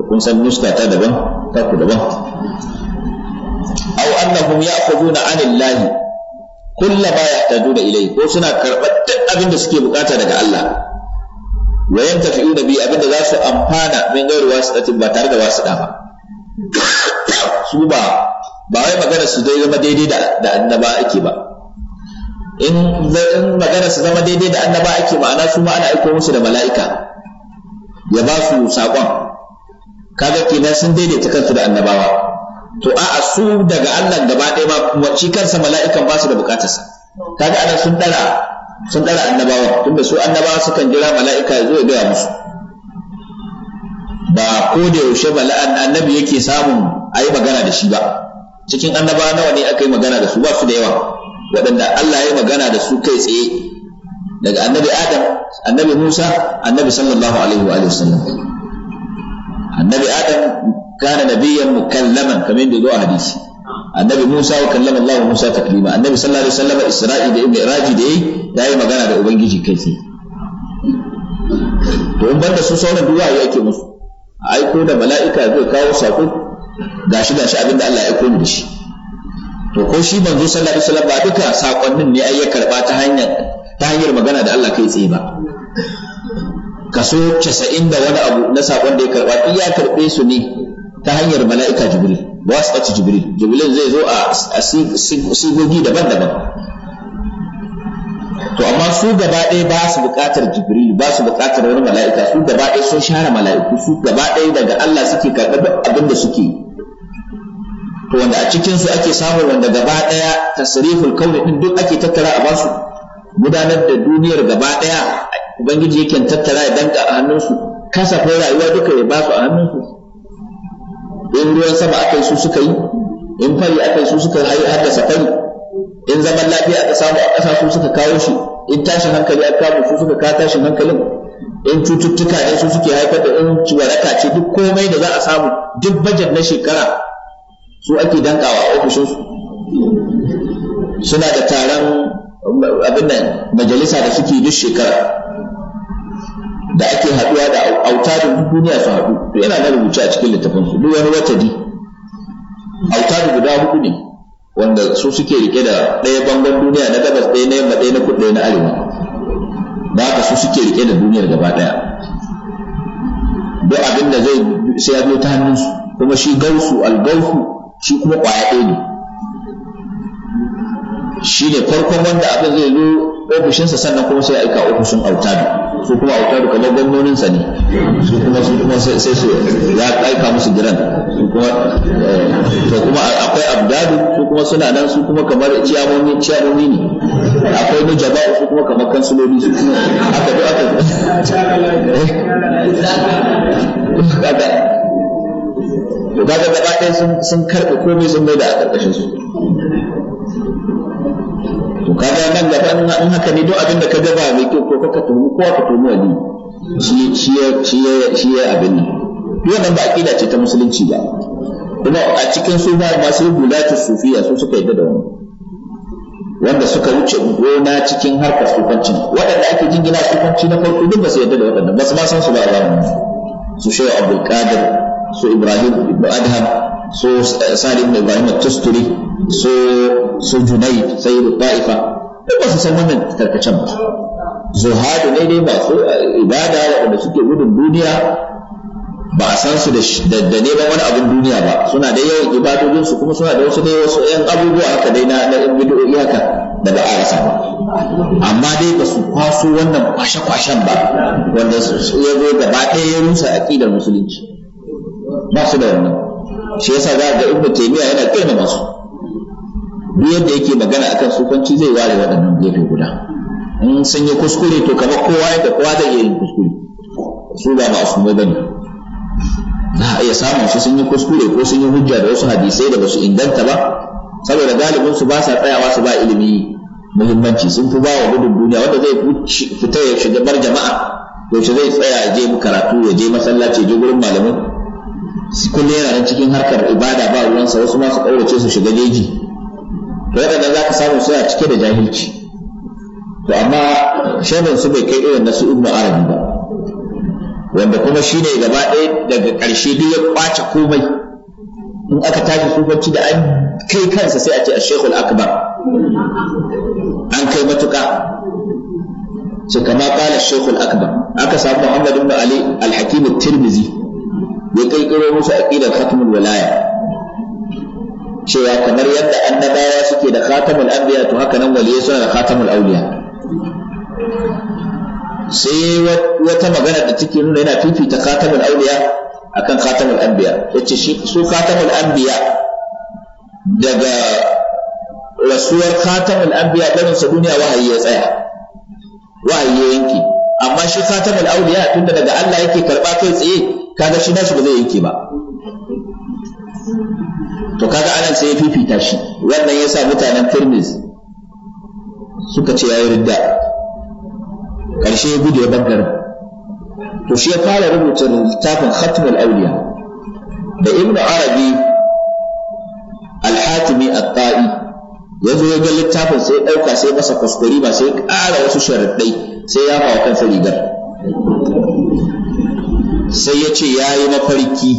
kun san nuska ta daban ta ku daban aw annahum ya'khuduna 'ala Allah kulla baya ta tadu ilai ko suna karɓar duk abin da suke bukata daga Allah wa yantafi'u da bi abin da za su amfana min gairu wasiqatin ba tare da wasu ba su ba ba wai magana su dai zama daidai da annaba ake ba in magana su zama daidai da annaba ake ma'ana su ma ana aiko musu da mala'ika ya ba su saƙon kaga kenan sun daidaita kansu da annabawa to a su daga Allah gaba ɗaya ma shi kansa mala'ikan ba su da bukatarsa kaga ana sun dara sun dara annabawa tunda su annabawa sukan jira mala'ika ya zo ya gaya musu ba ko da yaushe bala'an annabi yake samun a yi magana da shi ba cikin annabawa nawa ne aka yi magana da su ba su da yawa waɗanda Allah ya yi magana da su kai tsaye daga annabi Adam annabi Musa annabi sallallahu alaihi wa sallam annabi Adam kana nabiyyan mukallaman kamar yadda zo a hadisi annabi Musa wa kallama Allah Musa taklima annabi sallallahu alaihi wasallam Isra'i da Ibraji da yayi magana da ubangiji kai tsaye to in banda su sauran duwa ya yake musu aiko da mala'ika zai kawo sako gashi gashi abinda Allah ya aiko da shi to ko shi manzo sallallahu alaihi wasallam ba duka sakonnin ne ai ya karba ta hanyar magana da Allah kai ba kaso 90 da wani abu na sakon da ya karba ya karɓe su ne ta hanyar mala'ika jibril wasitati jibril jibril zai zo a sigogi daban-daban to amma su gaba ɗaya ba su buƙatar jibril ba su buƙatar wani mala'ika su gaba ɗaya sun share mala'iku su gaba ɗaya daga Allah suke karɓar abin da suke to wanda a cikinsu ake samun wanda gaba ɗaya tasriful kauni ɗin duk ake tattara a basu gudanar da duniyar gaba ɗaya ubangiji yake tattara ya danka a hannunsu kasafin rayuwa duka ya basu a hannunsu in ruwan sama akai su suka yi in fari akai su suka yi haddasa fari in zaman lafiya aka samu a ƙasa su suka kawo shi in tashin hankali aka kawo su suka kawo tashin hankalin in cututtuka ne su suke haifar da in waraka ce duk komai da za a samu duk bajet na shekara su ake dankawa a ofishin su suna da taron abin nan majalisa da suke duk shekara da ake haɗuwa da autarin duk duniya su haɗu to yana na rubuce a cikin littafin su duk wani watadi autarin guda hudu ne wanda su suke rike da ɗaya bangon duniya na gabas ɗaya na yamma ɗaya na kudu ɗaya na arewa da haka su suke rike da duniyar gaba ɗaya duk abin da zai sai ya zo ta su, kuma shi gausu algausu shi kuma ƙwaya ɗaya ne shi ne farkon wanda abin zai zo ofishinsa sannan kuma sai aika ofishin autadu su kuma autaru kamar gwamnonin sa ne su kuma su kuma sai su ya aika musu jiran su kuma eh, to kuma akwai abdadu su kuma suna nan su kuma kamar ciyamomi ciyamomi ne akwai nujaba su kuma kamar kansuloli su kuma aka bi aka to kaga gaba ɗaya sun karɓi komai sun mai da a ƙarƙashin su kaga nan gaba in haka ne duk abin da ka ga ba mai kyau ko ka tuhumi ko ka tuhumi wali shi shi shi shi abin nan duk wannan ba aqida ce ta musulunci ba kuma a cikin su ba masu bulatu sufiya su suka yadda da wani wanda suka wuce gona cikin harkar sufanci waɗanda ake jingina sufanci na farko duk ba su yadda da waɗanda ba su ma san su ba a su shehu abu qadir su ibrahim Ibrahim. adham So eh, sa'ad ibn ibrahim at-tusturi so so junayd sayyid ta'ifa ba su san wannan tarkacen ba zuhadu ne dai masu eh, ibada da suke gudun duniya ba a san su da neman wani abin duniya ba suna da yawan ibadojinsu kuma suna da wasu ne wasu yan abubuwa haka dai na yan bidiyoyi haka da ba a rasa ba amma dai ba su kwaso wannan kwashe-kwashen ba wanda ya zo gaba ɗaya ya rusa aƙidar musulunci ba su da wannan shi yasa za a ga ibnu taymiya yana girmama su duk yadda yake magana akan sukanci zai ware waɗannan gefe guda in sun yi kuskure to kamar kowa yadda kowa zai iya yin kuskure su ba su bane za a iya samun su sun yi kuskure ko sun yi hujja da wasu hadisai da basu inganta ba saboda galibin su ba sa tsayawa su ba ilimi muhimmanci sun fi ba wa gudun duniya wanda zai fita ya shiga bar jama'a yaushe zai tsaya ya je karatu ya je masallaci ya je gurin malamin su yana yan cikin harkar ibada ba ruwansa wasu masu su ƙaurace su shiga jeji to waɗanda za ka samu suna cike da jahilci to amma shaidar su bai kai irin nasu ibnu arabi ba wanda kuma shine gaba ɗaya daga ƙarshe duk ya ƙwace komai in aka tashi tsufanci da an kai kansa sai a ce ashekul akbar an kai matuƙa ce kama kala shekul akbar aka samu Muhammadu ibn ali al-hakim tirmizi ya kirkiro musu aqidar khatmul walaya cewa kamar yadda annabawa suke da khatamul anbiya to haka nan waliyai suna da khatamul auliya sai wata magana da take nuna yana fifita khatamul auliya akan khatamul anbiya yace shi su khatamul anbiya daga rasuwar khatamul anbiya barin sa duniya wahayi ya tsaya wahayi ya yanke amma shi khatamul auliya tunda daga Allah yake karba kai tsaye kaga shi nashi ba zai yanke ba to kaga anan sai ya fifita shi wannan yasa mutanen firmis suka ce yayi ridda karshe ya gudu ya bangare to shi ya fara rubuta littafin khatmul awliya da ibnu arabi al-hatimi at-ta'i ya zo ya ga littafin sai ɗauka sai masa kuskuri ba sai ƙara wasu sharaɗai sai ya hawa kansa rigar sai ya ce ya yi mafarki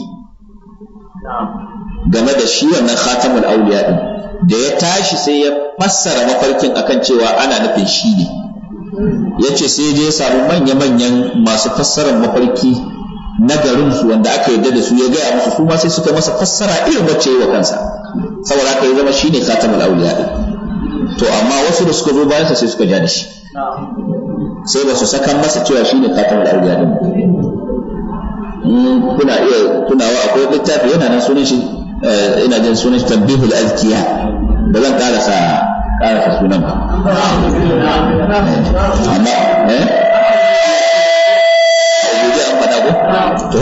game da shi wannan khatamul auliya din da ya tashi sai ya fassara mafarkin akan cewa ana nufin shi ne ya ce sai je ya samu manya-manyan masu fassarar mafarki na garinsu wanda aka yarda da su ya gaya musu su ma sai suka masa fassara irin wacce yi wa kansa saboda haka ya zama shine khatamul auliya to amma wasu da suka zo bayan sa sai suka ja da shi sai ba su saka masa cewa shine khatamul auliya din hmm, kuna iya tunawa akwai littafi yana nan sunan shi eh, ina jin sunan shi da azkiya ba zan karasa karasa sunan ba amma eh to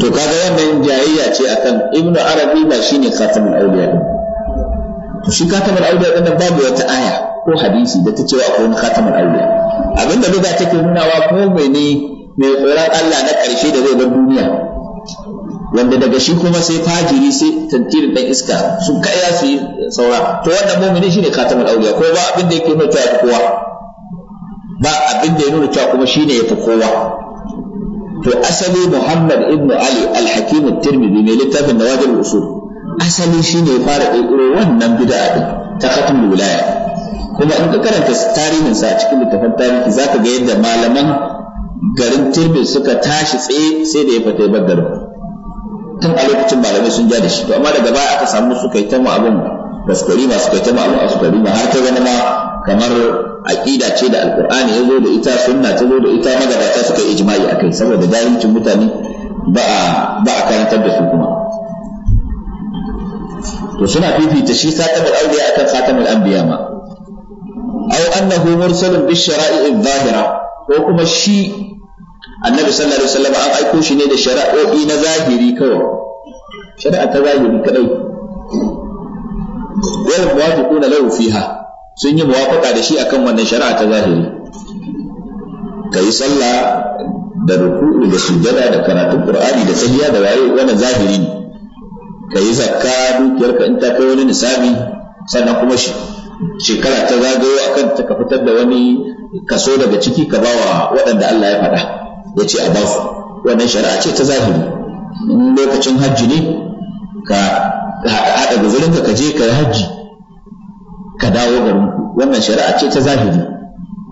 to kaga wannan jayayya ce akan ibnu arabi ba shine khatamul awliya to shi khatamul awliya din babu wata aya ko hadisi da ta ce wa akwai khatamul awliya da lugha take wa ko mene mai tsoron Allah na karshe da zai bar duniya wanda daga shi kuma sai fajiri sai tantirin dan iska su kai za su yi saura to wannan mu'mini shine khatamul awliya ko ba abin da yake nuna cewa kowa ba abin da ya nuna cewa kuma shine yafi kowa to asali Muhammad ibn Ali al-Hakim at-Tirmidhi mai littafin wajen usul asali shine ya fara kirkiro wannan bid'a din ta khatmul wilaya kuma in ka karanta tarihin sa a cikin littafin tarihi zaka ga yadda malaman garin Tirmidhi suka tashi tsaye sai da ya fata bar garin tun a lokacin malamai sun ja da shi to amma daga baya aka samu suka yi ta mu abin gaskari masu kai ta mu abin asukari ma har ta zama ma kamar aqida ce da alqur'ani ya zo da ita sunna ta zo da ita magabata suka yi ijma'i akai saboda jahilcin mutane ba a ba a karantar da su kuma to suna fifita shi satamul awliya akan satamul anbiya ma aw annahu mursalun bi shara'i adh-dhahira ko kuma shi annabi sallallahu alaihi wasallam an aiko shi ne da shari'o'i na zahiri kawai shari'a ta zahiri kadai wal muwafiquna lahu fiha sun yi muwafaka da shi akan wannan shari'a ta zahiri ka yi sallah da ruku'u da sujjada da karatun qur'ani da tahiyya da waye wannan zahiri ne ka yi zakka dukiyarka in ta kai wani nisabi sannan kuma shekara ta zagayo akan ta ka fitar da wani kaso daga ciki ka bawa waɗanda Allah ya faɗa ya ce a ba su wannan shari'a ce ta zahiri lokacin hajji ne ka haɗa guzurinka ka je ka yi hajji ka dawo garinku wannan shari'a ce ta zahiri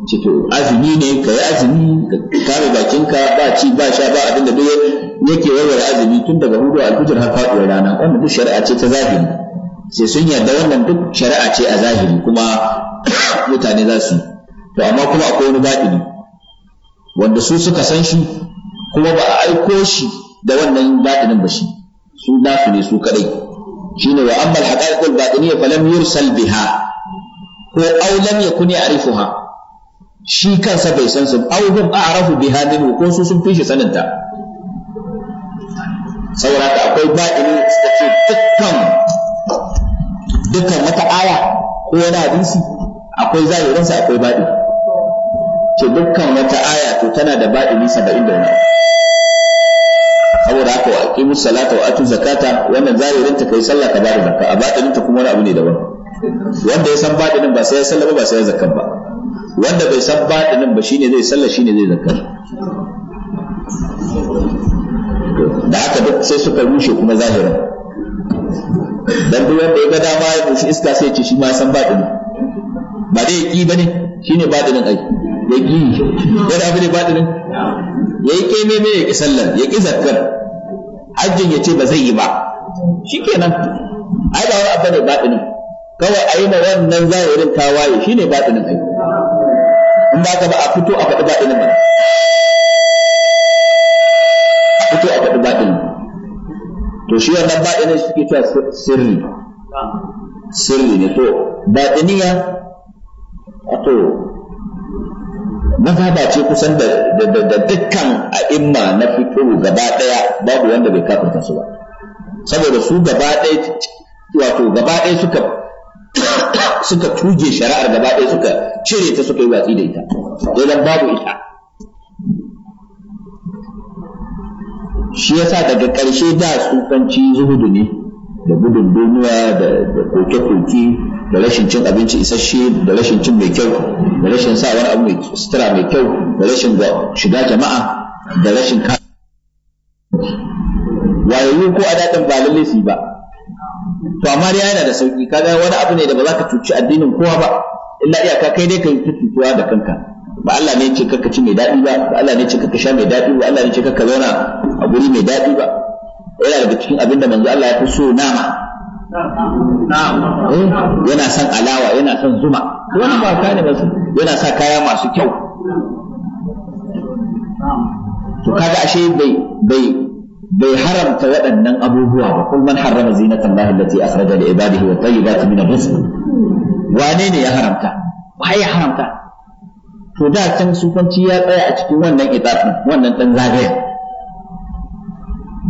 ce to azumi ne ka yi azumi ka kare bakinka ba ci ba sha ba abin da duk yake warware azumi tun daga hudu alfijir har faɗuwar rana wannan duk shari'a ce ta zahiri sai sun yarda wannan duk shari'a ce a zahiri kuma mutane za su to amma kuma akwai wani baɗini wanda su suka san shi kuma ba a aiko shi da wannan baɗinin ba shi su nasu ne su kaɗai shine wa amma al-haqa'iqul batiniyya falam yursal biha ko aw lam yakun ya'rifuha shi kansa bai san su aw hum a'rafu biha min ko su sun fi shi saninta saboda haka akwai batini suka ce dukkan dukkan wata aya ko wani hadisi akwai zahirinsa akwai batini ce dukkan wata aya to tana da batini 70 da wani saboda haka wa aqimu salata wa atu zakata wannan zahirin ta kai sallah ka bada zakka a badinin ta kuma wani abu ne daban wanda ya san badinin ba sai ya sallah ba sai ya zakka ba wanda bai san badinin ba shine zai sallah shine zai zakka da haka duk sai suka rushe kuma zahirin dan duk wanda ya ga dama ya bushi iska sai ya ce shi ma san badinin ba dai yaki bane shine badinin ai yaki wani abu ne badinin ya yi kememe ya ƙi sallar ya ƙi zakkar hajjin ya ce ba zai yi ba shikenan ai ba wani abu ne baɗinin kawai a yi ma wannan zahirin tawaye shi ne baɗinin ai in ba ka ba a fito a faɗi baɗinin ba a fito a faɗi baɗinin to shi wannan baɗinin shi ke sirri sirri ne to baɗiniya to mafaba ce kusan da dukkan a imma na fiqh gaba daya babu wanda bai kafirta su ba saboda su gaba daya wato gaba daya suka suka tuge shari'ar gaba daya suka cire ta suka yi watsi da ita idan babu ita shi yasa daga karshe da tsufanci zuhudu ne da gudun duniya da koke-koke da rashin cin abinci isasshe da rashin cin mai kyau da rashin sawar abu mai sutura mai kyau da rashin shiga jama'a da rashin ka wayoyi ko a daɗin ba lalle su ba to amma dai yana da sauki kaga wani abu ne da ba za ka cuci addinin kowa ba illa iyaka kai dai ka yi cutuwa da kanka ba Allah ne ce kaka ci mai daɗi ba ba Allah ne ce kaka sha mai daɗi ba Allah ne ce kaka zauna a guri mai daɗi ba yana daga cikin abin da manzo Allah ya fi so nama Eh, yana son alawa yana son zuma wani ba ka ne masu yana sa kaya masu kyau to kaga ashe bai bai bai haramta waɗannan abubuwa ba kullum man harrama zinatan Allah allati akhraja li ibadihi wa tayyibati min ar-rizq wane ne ya haramta wai ya haramta to da can sufanci ya tsaya a cikin wannan idafin wannan dan zagaya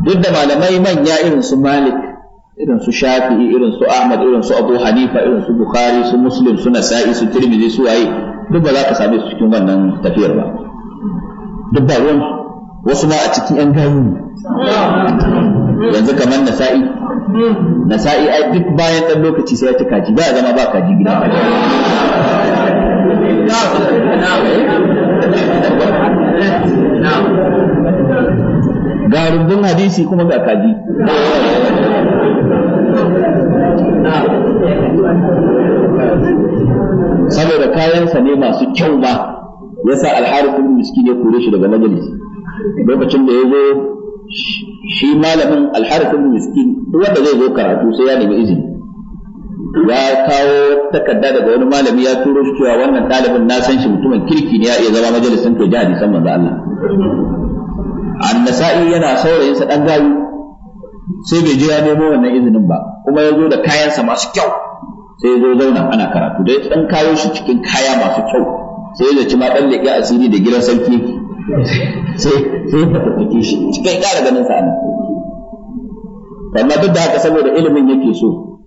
duk da malamai manya irin su Malik irin su shafi'i irin su ahmad irin su abu hanifa irin su bukhari su muslim su nasa'i su tirmidhi su waye duk ba za ka same su cikin wannan tafiyar ba duk ba ruwan wasu ma a cikin yan gayu yanzu kamar nasa'i nasa'i ai duk bayan dan lokaci sai ya ci kaji ba zama ba kaji gida. ba ga rubun hadisi kuma ga kaji saboda kayansa ne masu kyau ba yasa alharith ibn miskin ya kure shi daga majalis lokacin da ya zo shi malamin alharith miskin wanda zai zo karatu sai ya nemi izini ya kawo takarda daga wani malami ya turo shi cewa wannan ɗalibin na san shi mutumin kirki ne ya iya zama majalisin to ji hadisan manzo Allah annasa'i yana saurayin sa dan gayu sai bai je ya nemo wannan izinin ba kuma ya zo da kayansa masu kyau sai ya zo zauna ana karatu da ya kayo shi cikin kaya masu kyau sai ya zaci ma ɗan leƙi asiri da gidan sarki sai ya tattake shi cikin ƙara ganin sa nan amma duk da haka saboda ilimin yake so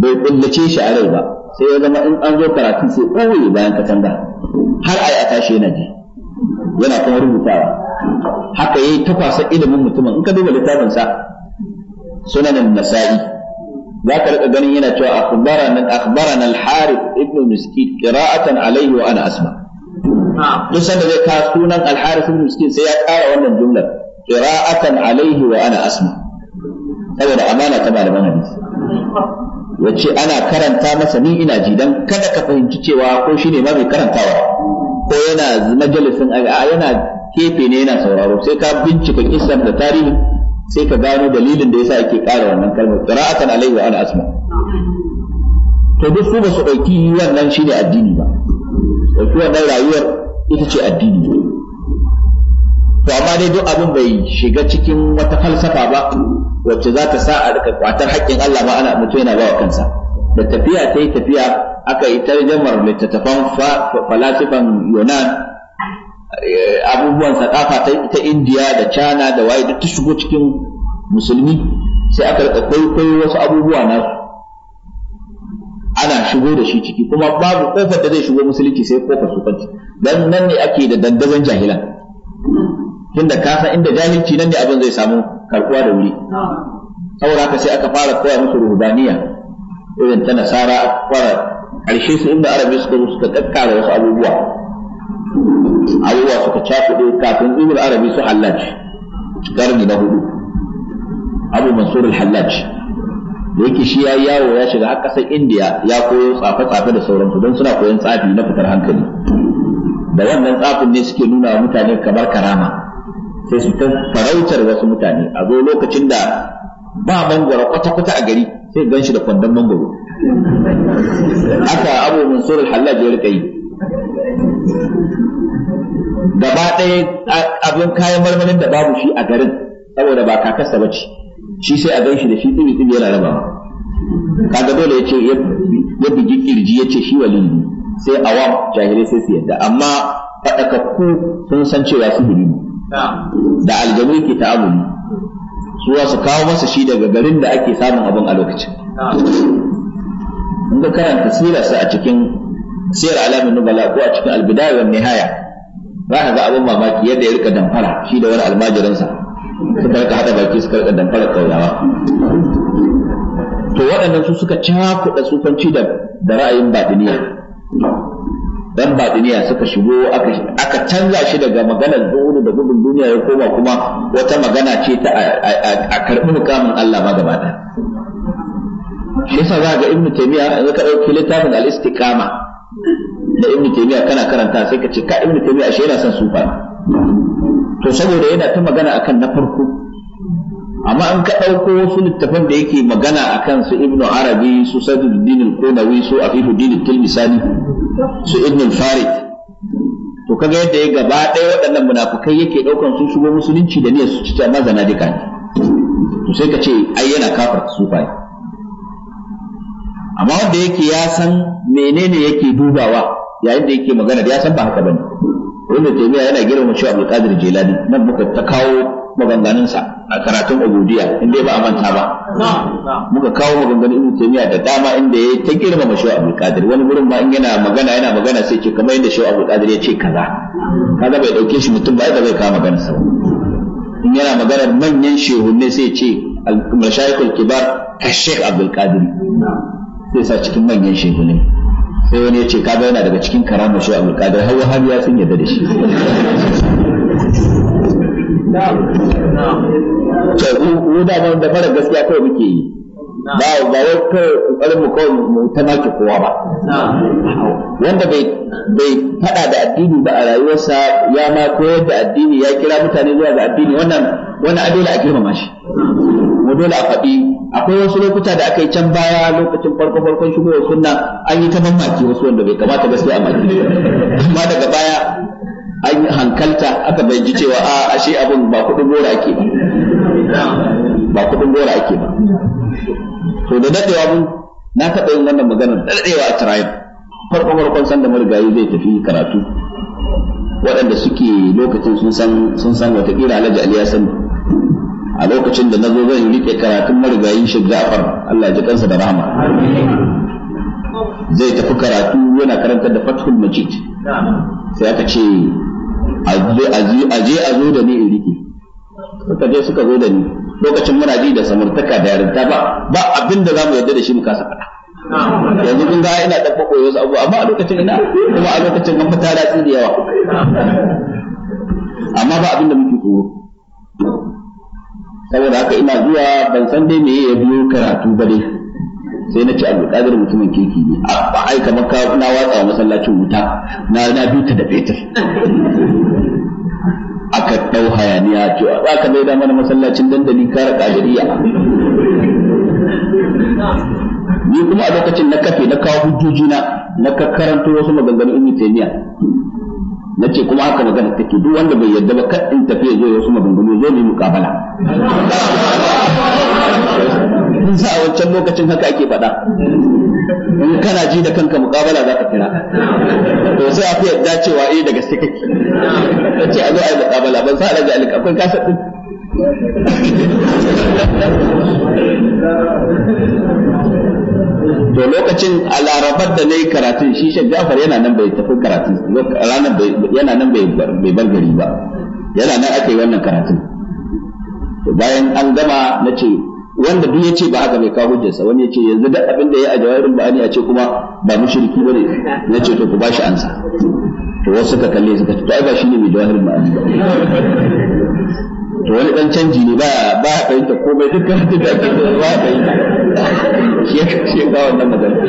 bai kullace shi a rai ba sai ya zama in an zo karatu sai ɓoye bayan ka canza. har a yi a tashi yana ji yana kuma rubutawa haka yi tafasa ilimin mutumin in ka duba littafinsa sunanin nasa'i Zaka ka rika ganin yana cewa akhbarana akhbarana al-harith ibn miskin qira'atan alayhi wa ana asma duk sanda ka sunan al-harith ibn miskin sai ya ƙara wannan jumlar qira'atan alayhi wa ana asma saboda amana ta malaman hadisi wace ana karanta masa ni ina ji dan kada ka fahimci cewa ko shine ma karantawa ko yana majalisin yana kefe ne yana sauraro sai ka bincika kisan da tarihi sai ka gano dalilin da yasa ake ƙara wannan kalmar qira'atan alaihi wa ana asma to duk su ba su ɗauki wannan shine addini ba ɗauki wannan rayuwar ita ce addini to amma dai duk abin bai shiga cikin wata falsafa ba wacce za ta sa a rika kwatar haƙƙin Allah ma ana mutu yana bawa kansa da tafiya ta yi tafiya aka yi tarjamar littattafan falasifan Yunan Eh, abubuwan sakafa ta ita indiya da china da waye duk ta shigo cikin musulmi sai aka rika kwaikwayo wasu abubuwa na ana shigo da shi ciki kuma babu kofar da zai shigo musulunci sai kofar sufanci dan nan ne ake da dandazon jahilan tunda ka san inda jahilci nan ne abin zai samu karkuwa da wuri saboda haka sai aka fara koya musu ruhudaniya irin ta nasara aka fara ƙarshe su inda arabi suka suka kakkara wasu abubuwa abubuwa suka cakuɗe kafin ibn arabi su hallaj karni na hudu abu mansur al-hallaj da yake shi ya yawo ya shiga har ƙasar indiya ya koyo tsafe-tsafe da sauransu don suna koyon tsafi na fitar hankali da wannan tsafin ne suke nuna wa mutane kamar karama sai su ta farautar wasu mutane a zo lokacin da ba mangoro kwata-kwata a gari sai gan shi da kwandon mangoro. haka abu mansur al-hallaj ya rika yi gaba ɗaya abin kayan marmarin da babu shi a garin saboda ba kakasa ba ce shi sai a ganshi da shi ɗin ɗin yana rabawa kaga dole ya ce ya bugi kirji ya ce shi waliyi sai awam jahilai sai su yadda amma faɗakakku sun san cewa su ne da aljanu yake ta'amuli su su kawo masa shi daga garin da ake samun abin a lokacin karanta sirarsa a cikin siyar alamin nubala ko a cikin albidaya wa nihaya za ka ga abin mamaki yadda ya rika damfara shi da wani almajirinsa suka rika haɗa baki suka rika damfara kaunawa to waɗannan su suka cakuɗa sufanci da da ra'ayin baɗiniya dan baɗiniya suka shigo aka canza shi daga maganar zuwa da gudun duniya ya koma kuma wata magana ce ta a karɓi mukamin Allah ma gaba ɗaya shi yasa za ga ibnu taymiya in ka ɗauki littafin al-istiqama da ibn taymiya kana karanta sai ka ce ka ibn taymiya ashe yana son sufa to saboda yana ta magana akan na farko amma an ka ɗauko wasu littafan da yake magana akan su ibnu arabi su saduddin al qunawi su afifuddin al-tilmisani su ibnu al-farid to kaga yadda ya gaba ɗaya waɗannan munafukai yake ɗaukan sun shigo musulunci da niyyar su ci amma zanadika ne to sai ka ce ai yana kafar sufaye amma wanda yake ya san menene yake dubawa yayin da yake magana ya san ba haka bane wanda taimiya yana girma shi Abdul Qadir Jilani nan muka ta kawo maganganunsa a karatun Ubudiya inda ba a manta ba muka kawo maganganun Ibn Taymiyyah da dama inda ya ta girma shi Abdul Qadir wani gurin ma in yana magana yana magana sai ce kamar yadda shi Abdul Qadir ya ce kaza Kaza bai dauke shi mutum ba yadda bai kawo maganarsa sa in yana magana manyan shehunne sai ce al-mashayikhul kibar ka Sheikh Abdul Qadir zai sa cikin manyan shehu ne sai wani ya ce kaga yana daga cikin karama shi a mulkadar har wahabi ya sun yadda da shi to da da fara gaskiya kawai muke yi ba ba wai kokarin mu kawai mu ta maki kowa ba wanda bai bai fada da addini ba a rayuwarsa ya ma koyar da addini ya kira mutane zuwa ga addini wannan wannan a girmama shi mu dole a faɗi akwai wasu lokuta da aka yi can baya lokacin farko farkon shigowar sunna an yi ta mamaki wasu wanda bai kamata ba sai a maki amma daga baya an hankalta aka bai ji cewa a ashe abin ba kuɗin gora ake ba ba kudin gora ake ba to da dadewa mun na taɓa yin wannan magana da dadewa a tribe farkon farkon san da marigayi zai tafi karatu waɗanda suke lokacin sun san sun san watakila alhaji Aliya san a lokacin da na zo zan rike karatun marigayi shi ja'far allah ji kansa da rahama zai tafi karatu yana karantar da fathul majid sai aka ce a je a zo da ni in rike suka je suka zo da ni lokacin muna ji da samartaka da yarinta ba ba abin da zamu yarda da shi mu kasa faɗa yanzu kun ga ina dan koyo wasu abu amma a lokacin ina kuma a lokacin an fita da da yawa amma ba abin da muke tsoro saboda haka ina zuwa ban san dai me ya biyo karatu ba dai sai na ci abdulkadir mutumin kirki ne a aika maka na watsa masallacin wuta na na duka da fetur aka ɗau hayaniya to za ka mai mana masallacin dandali kara ƙadiriya ni kuma a lokacin na kafe na kawo hujjojina na na karanto wasu maganganun ibn taymiya na ce kuma haka magana take duk wanda bai yarda ba kan in tafiya zo wasu maganganu zo ne muƙabala kun sa a wancan lokacin haka ake faɗa in kana ji da kanka muƙabala za ka kira to sai a fi yadda cewa eh da gaske kake ce a zo a yi muƙabala ban sa a daga akwai kasa ɗin to lokacin a larabar da na yi karatun shi shan jafar yana nan bai tafi karatun ranar yana nan bai bar gari ba yana nan aka yi wannan karatun bayan an gama na ce wanda duk ya ce ba haka bai kawo hujjarsa wani ya ce yanzu da abin da ya a jawahirin ba'ani a ce kuma ba mushriki bane na ce to ku ba shi ansa to wasu suka kalle suka ce to ai ba ne mai jawabin ba'ani ba to wani dan canji ne ba ba fahimta komai duk kan da ake ba fahimta shi ya kashe ga wannan magana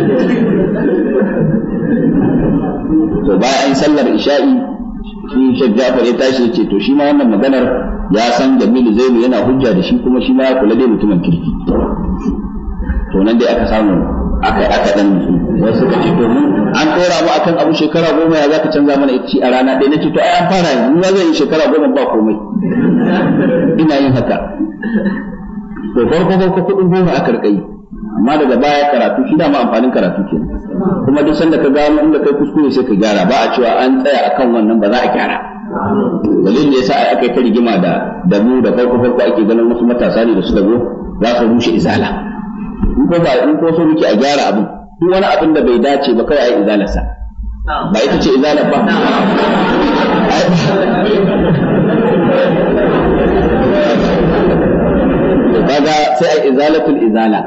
to bayan sallar isha'i shi shek Jafar ya tashi ce to shi ma wannan maganar ya san Jamilu Zainu yana hujja da shi kuma shi ma ya kula da mutumin kirki to nan dai aka samu aka aka dan wasu ka ce to mun an tsora mu akan abu shekara goma ya zaka canza mana ici a rana ɗaya nace to ai an fara yanzu na zan yi shekara goma ba komai ina yin haka to farko farko kudin goma aka rika yi amma daga baya karatu shi dama amfanin karatu ke kuma duk sanda ka gano inda kai kuskure sai ka gyara ba a cewa an tsaya akan wannan ba za a gyara dalilin da yasa aka yi ta rigima da da mu da farko farko ake ganin wasu matasa ne da su dago za su rushe izala in ko ba in ko so muke a gyara abin duk wani abin da bai dace ba kai a yi izalarsa ba ita ce izalar ba kaga sai a izalatul izala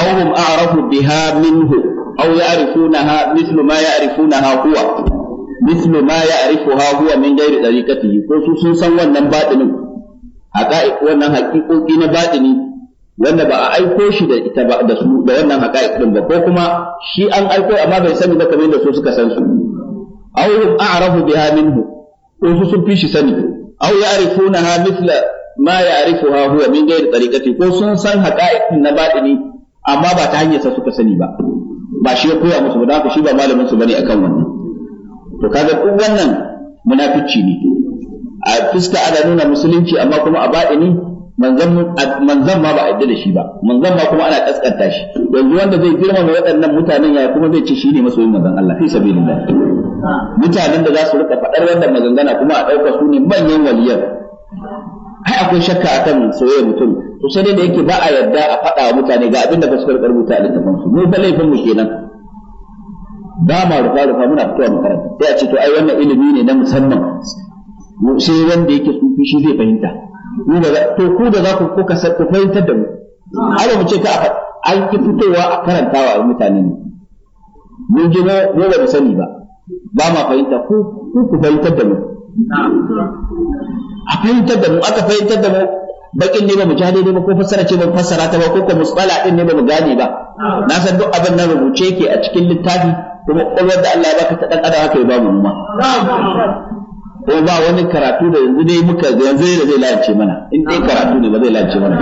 awhum a'rafu biha minhu aw ya'rifunaha mithlu ma ya'rifunaha huwa mithlu ma ya'rifuha huwa min ghairi dariqatihi ko su sun san wannan batinin haka wannan haƙiƙoƙi na batini wanda ba a aiko shi da ita ba da su da wannan haqa'iq din ba ko kuma shi an aiko amma bai sani ba kamar yadda su suka san su aw hum a'rafu biha minhu ko su sun fi shi sani aw ya'rifunaha mithla ma ya'rifuha huwa min ghairi tariqati ko sun san haqa'iq din na batini amma ba ta hanyar sa suka sani ba ba shi ya koya musu ba shi ba malamin su bane akan wannan to kaga duk wannan munafici ne a fuska ana nuna musulunci amma kuma a batini manzan ma ba a yadda da shi ba manzan ma kuma ana kaskanta shi yanzu wanda zai girmama waɗannan mutanen ya kuma zai ci shi ne masoyin manzan Allah fi sabilillah mutanen da za su rika faɗar wannan magangana kuma a ɗauka su ne manyan waliyar. ai akwai shakka akan soyayya mutum to sai dai da yake ba a yarda a faɗa wa mutane ga abin da ba su karɓa rubuta a littafin su mu fa laifin mu kenan ba ma rufa rufa muna fitowa makaranta sai a ce to ai wannan ilimi ne na musamman sai wanda yake sufi shi zai fahimta ni da to ku da za ku kuka ku fahimtar da mu ai mu ce ka an ki fitowa a karantawa a mutane ne mun ji na ne ba sani ba ba ma fahimta ku ku ku fahimtar da mu a fahimtar da mu aka fahimtar da mu bakin ne ba mu ja ne ba ko fassara ce ba fassara ta ba ko ko musbala din ne ba mu gane ba na san duk abin nan rubuce ke a cikin littafi kuma kwalwar da Allah ya baka ta dan adam haka ya ba mu ma ko ba wani karatu da yanzu ne muka yanzu ne zai lalace mana in dai karatu ne ba zai lalace mana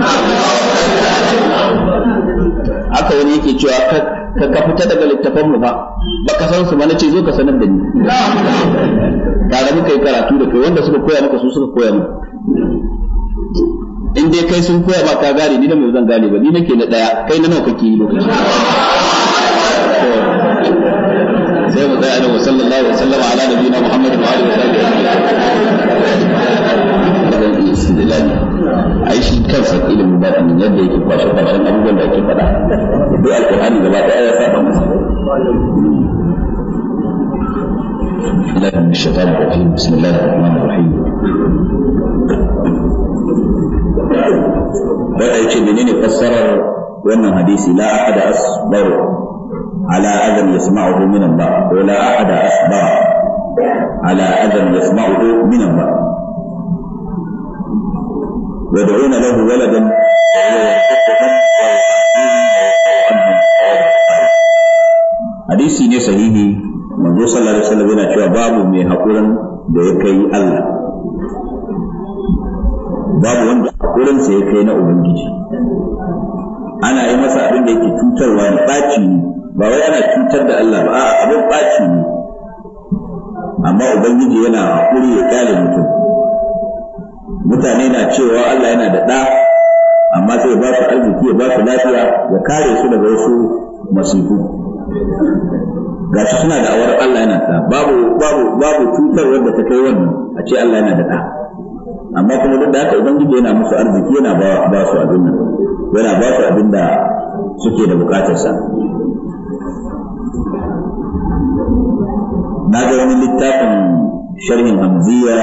haka wani yake cewa ka ka fita daga littafin mu ba ba ka san su ba nace zo ka sanar da ni tare muka yi karatu da kai wanda suka koya maka su suka koya ni. in dai kai sun koya ba ka gane ni da mai zan gane ba ni nake na daya kai na nawa kake yi lokaci زي ما قال الله عليه وسلم على نبينا محمد وعلى اله وصحبه اجمعين عيش إلى من من يد يجب باشا طبعا أنا لك يجب أنا بيئة القرآن إذا بعد آية فاتح مصر لكن الشيطان الرحيم بسم الله الرحمن الرحيم بقى يجب منين يفسر وإن حديثي لا أحد أصبر على أذى يسمعه من الله ولا أحد أصبر على أذى يسمعه من الله يدعون له ولدا hadisi ne sahihi manzo sallallahu alaihi wasallam yana cewa babu mai hakurin da ya kai Allah babu wanda hakurinsa ya kai na ubangiji ana yi masa abin da yake cutar da ɓaci ne ba wai ana cutar da Allah ba a abin ɓaci ne amma ubangiji yana hakuri ya kare mutum mutane na cewa Allah yana da ɗa amma sai ba su arziki ya ba su lafiya ya kare su daga wasu masifu ga shi suna da awar Allah yana da babu babu babu cutar wanda ta kai wannan a ce Allah yana da ɗa amma kuma duk da haka ubangiji yana musu arziki yana ba su abin nan yana ba su abin da suke da bukatarsa na ga wani littafin sharhin hamziya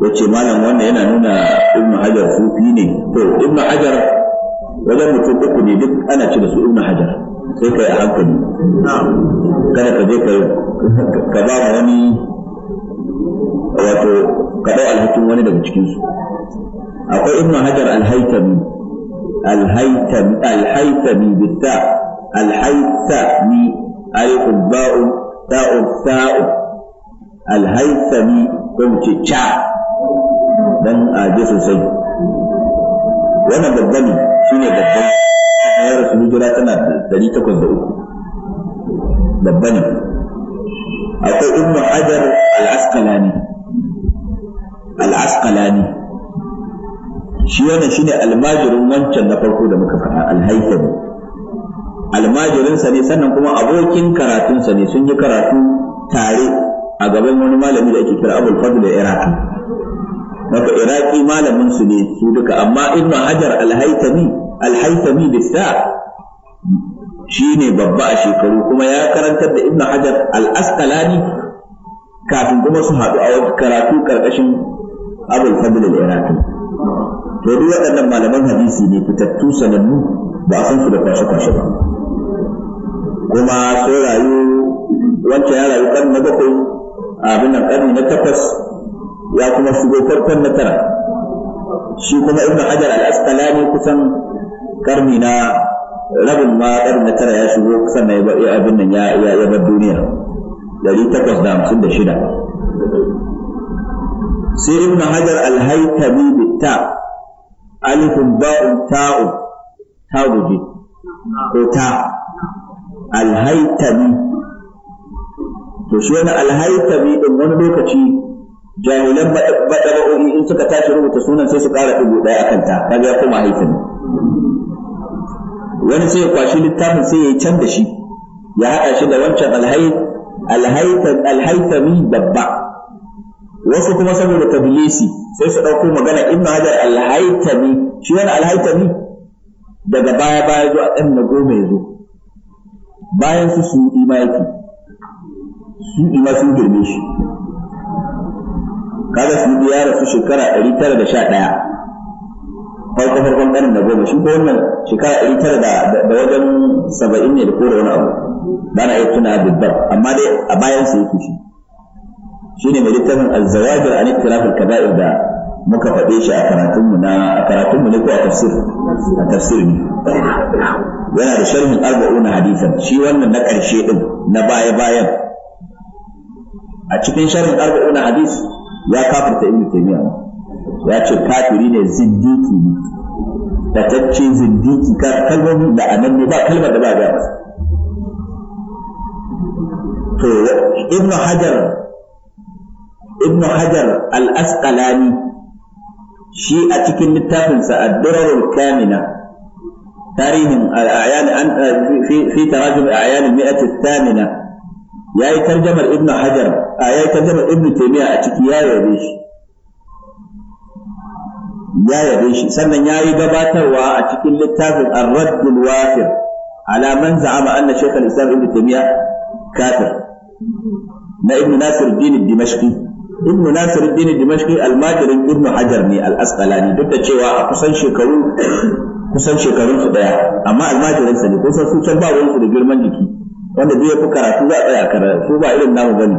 ya ce malam wannan yana nuna ibnu hajar sufi ne to ibnu hajar wajen mutum uku ne duk ana ce da su ibnu hajar sai kai a hankali kada ka je ka ba wani wato ka dau alhakin wani daga cikinsu akwai ibnu hajar alhaitami الهيثمي الهيثمي بالتاء الهيثمي ألف باء تاء ثاء الهيثمي كم تشا dan aje sosai wannan babban shine babban ya rasu hijira tana da 803 babban akwai ibnu hajar al-asqalani al-asqalani shi wannan shine almajirin wancan na farko da muka faɗa alhaifami almajirinsa ne sannan kuma abokin karatunsa ne sun yi karatu tare a gaban wani malami da ake kira abul fadl da iraki haka iraki malamin su ne su duka amma ibnu hajar alhaitami alhaitami bisa shi ne babba a shekaru kuma ya karantar da ibnu hajar al-asqalani kafin kuma su haɗu a wani karatu karkashin abul fadl da iraki to duk waɗannan malaman hadisi ne fitattu sanannu ba a san su da kwashe-kwashe ba kuma sun rayu wancan ya rayu kan na bakwai abin nan ƙarni na takwas ya kuma shigo farkon na tara shi kuma ibn hajar al-asqalani kusan karni na rabin ma karni na tara ya shigo kusan na ya abin nan ya iya bar duniya dari takwas da hamsin da shida sai ibn hajar al-haytami bitta Alifin ba'un ta'u ta guje ko ta alhaitami to shi wani alhaitami din wani lokaci jahilan baɗa ba'o'i in suka tashi rubuta sunan sai su ƙara ɗigo ɗaya akan ta kaga ya koma haifin wani sai ya kwashi littafin sai ya yi can da shi ya haɗa shi da wancan alhaitami babba wasu kuma saboda tadlisi sai su ɗauko magana ibnu hajar alhaitami shi wani alhaitami daga baya baya zuwa ɗan na goma ya zo bayan su su yi ma yake su yi ma sun girme shi kaga su yara su shekara ɗari tara da sha ɗaya farko farkon ɗanin na goma shi ko wannan shekara ɗari tara da wajen saba'in ne da kore wani abu ba na iya tuna babbar amma dai a bayan su yake shi shine mai littafin al-zawajir an iktiraf al-kaba'ir da muka faɗe shi a karatun mu na a karatun mu ne ko a tafsir a tafsir ne yana da sharhin arba'una hadisan shi wannan na ƙarshe din na baya bayan a cikin sharhin arba'una hadis ya kafirta ibnu taymiya ya ce kafiri ne zindiki ne da tacce zindiki ka kalmomin da anan ne ba kalmar da ba ga to ibnu hajar ابن حجر الأسقلاني شيء أتكن التافن سأدرر الكامنة تاريهم الأعيان في في تراجم أعيان المئة الثامنة يا ترجم ابن حجر آه، يا ترجم ابن تيمية أتكي يا يبيش يا يبيش سنة يا يقباتا وأتكن التافن الرد الوافر على من زعم أن شيخ الإسلام ابن تيمية كافر ما ابن ناصر الدين الدمشقي ibnu nasir bin dimashqi almajirin ibnu hajar ne al-asqalani duk da cewa a kusan shekaru kusan shekarun su daya amma almajirin sa ne kusan su can ba wani su da girman jiki wanda duk ya fi karatu za a tsaya karatu su ba irin namu bane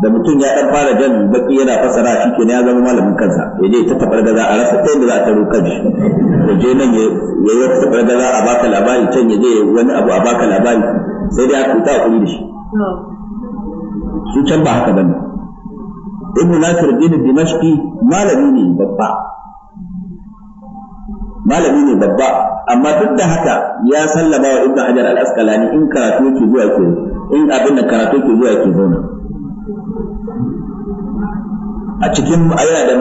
da mutum ya dan fara jan baki yana fasara shi kenan ya zama malamin kansa ya je ta tabar gaza a rasa ta da za a taro kanshi ya je nan ya yi ta tabar gaza a baka labari can ya je wani abu a baka labari sai dai aka kuta kuri da shi su can ba haka bane ibn nasir din dimashqi malami ne babba amma duk da haka ya sallama wa ibn hajar al in karatu yake zuwa ke in abin da karatu yake zuwa zauna a cikin yana da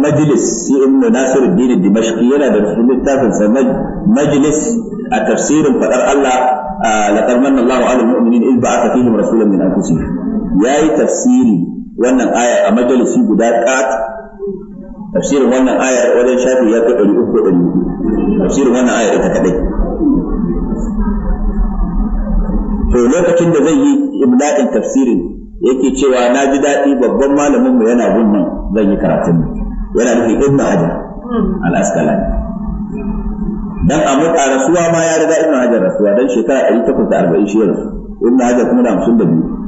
majalis yana da littafin sa majalis a tafsirin fadar Allah laqad manna Allahu 'ala al-mu'minin min anfusihim yayi tafsiri wannan aya a majalisi guda ƙat tafsirin wannan aya wajen shafi ya kai ɗari uku ɗari tafsirin wannan aya ita kadai. to lokacin da zai yi ibda'in tafsirin yake cewa na ji daɗi babban malamin mu yana gunnan zan yi karatun yana nufi ibnu hajar al-asqalani dan a mutu rasuwa ma ya riga ibnu hajar rasuwa dan shekara 840 shi yanzu ibnu hajar kuma da 52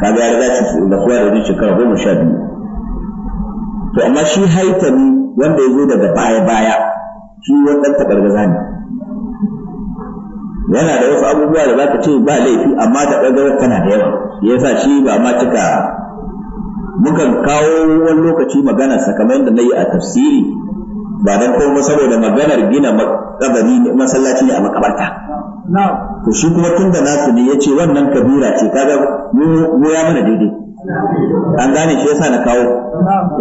kaga ya riga su da kuwa da wajen shekara goma sha biyu to amma shi haitami wanda ya zo daga baya baya shi wannan takargaza ne yana da wasu abubuwa da zaka ce ba laifi amma da ƙarƙarar tana da yawa yasa shi ba ma cika mukan kawo wani lokaci magana sakamakon da na yi a tafsiri ba don kuma saboda maganar gina makabari masallaci ne a makabarta to shi kuma tun da nasu ne ya ce wannan kabira ce kaga mu ya mana daidai an gane shi yasa na kawo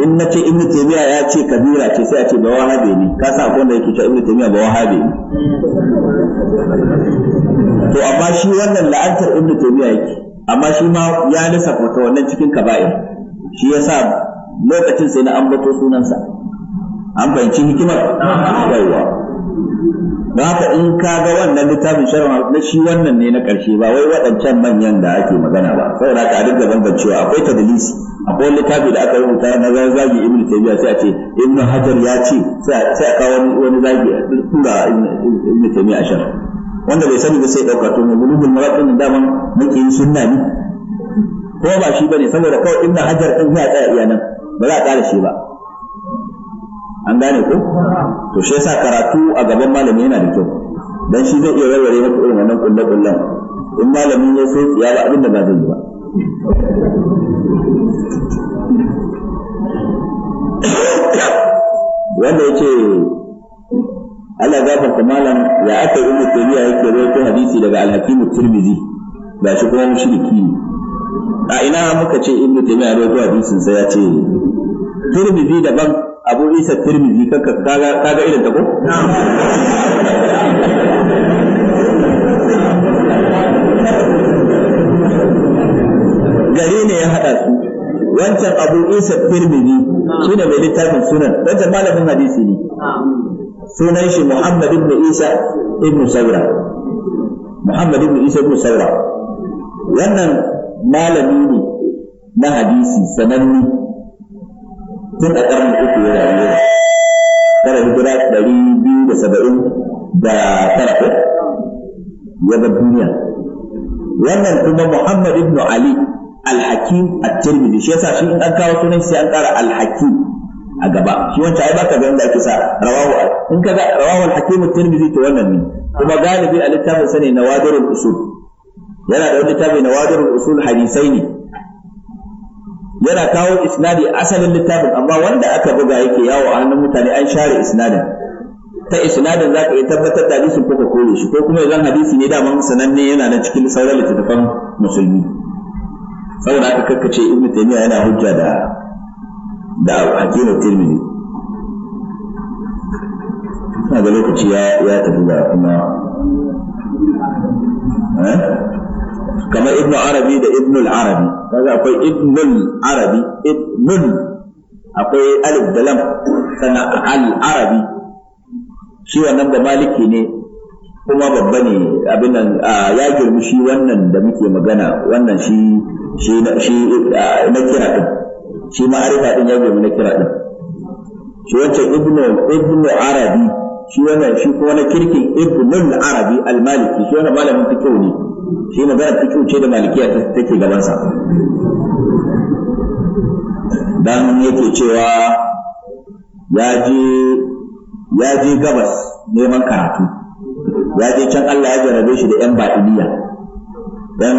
in na ce ibnu taymiya ya ce kabira ce sai a ce ba wahabe ne ka san akwai wanda yake cewa ibnu taymiya ba wahabe ne to amma shi wannan la'antar ibnu taymiya yake amma shi ma ya lissafa wannan cikin kaba'ir shi yasa lokacin sai na ambato sunansa an fahimci hikimar yawa da haka in ka ga wannan littafin sharh na shi wannan ne na ƙarshe ba wai waɗancan manyan da ake magana ba saboda ka ban bambancewa akwai tadlis akwai littafi da aka rubuta na zagi ibnu taymiya sai a ce ibnu hajar ya ce sai a kawo wani zagi da ibnu taymiya a wanda bai sani ba sai dauka to mu bulugul maratun da daman muke yin sunna ne ko ba shi bane saboda kawai ibnu hajar ɗin ya tsaya iya nan ba za a ƙara shi ba an gane ko to shi yasa karatu a gaban malami yana da kyau dan shi zai iya warware maka irin wannan kullu kullu in malami ya sai ya ba abin da ba zai yi ba wanda yake Allah gafarta malam ya aka yi mutuniya yake rawaito hadisi daga al-Hakim at-Tirmidhi ba shi kuma mushriki a ina muka ce ibnu Taymiyyah rawaito hadisin sai ya ce Tirmidhi daban abu isa tirmidhi kaka kaga kaga irin ta ko gari ne ya hada su wancan abu isa tirmidhi shine mai littafin sunan wancan malamin hadisi ne sunan shi muhammad ibn isa ibn sabra muhammad ibn isa ibn sabra wannan malami ne na hadisi sanannu tun a ƙarni uku ya rayu yana tana hijira ɗari biyu da saba'in da tara ko ya bar duniya wannan kuma Muhammad ibn Ali al-Hakim at-Tirmidhi shi yasa shi in an kawo sunan sai an ƙara al-Hakim a gaba shi wancan ai baka ganin da ake sa rawahu in ka ga rawahu al-Hakim at-Tirmidhi to wannan ne kuma galibi a littafin sa ne nawadirul usul yana da wani littafi nawadirul usul hadisai ne yana kawo isnadi asalin littafin amma wanda aka buga yake yawo a hannun mutane an share isnadin ta isnadin za ka iya tabbatar da hadisin ko ka kore shi ko kuma idan hadisi ne dama sananne yana na cikin sauran littattafan musulmi saboda aka kakkace ibn taymiya yana hujja da da hakimin tirmidhi da lokaci ya tafi da kuma eh? kamar ibnu arabi da ibnul arabi kaga akwai ibnul arabi Ibnu akwai alif da lam sana al arabi shi wannan da maliki ne kuma babba ne abin nan ya girmi shi wannan da muke magana wannan shi shi na kira din shi ma'arifa din ya girmi na kira din shi wancan ibnu ibnu arabi shi wannan shi kuma na kirkin ibnul arabi al maliki shi wannan malamin fiqh ne shi magana fiqh ce da malikiya take gabansa dan yake cewa ya je ya je gabas neman karatu ya je can Allah ya jarabe shi da yan batiniya dan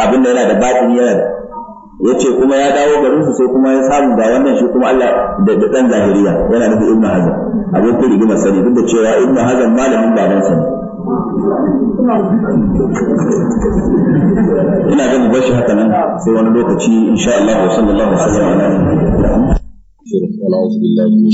abin da yana da batiniya ya ce kuma ya dawo garin su sai kuma ya samu da wannan shi kuma Allah da dan zahiriya yana nufin ibnu abin abokin rigima sani duk da cewa ibnu hazan malamin babansa ne ina ganin bashi shi haka nan sai wani lokaci insha Allah sallallahu alaihi wa sallam ala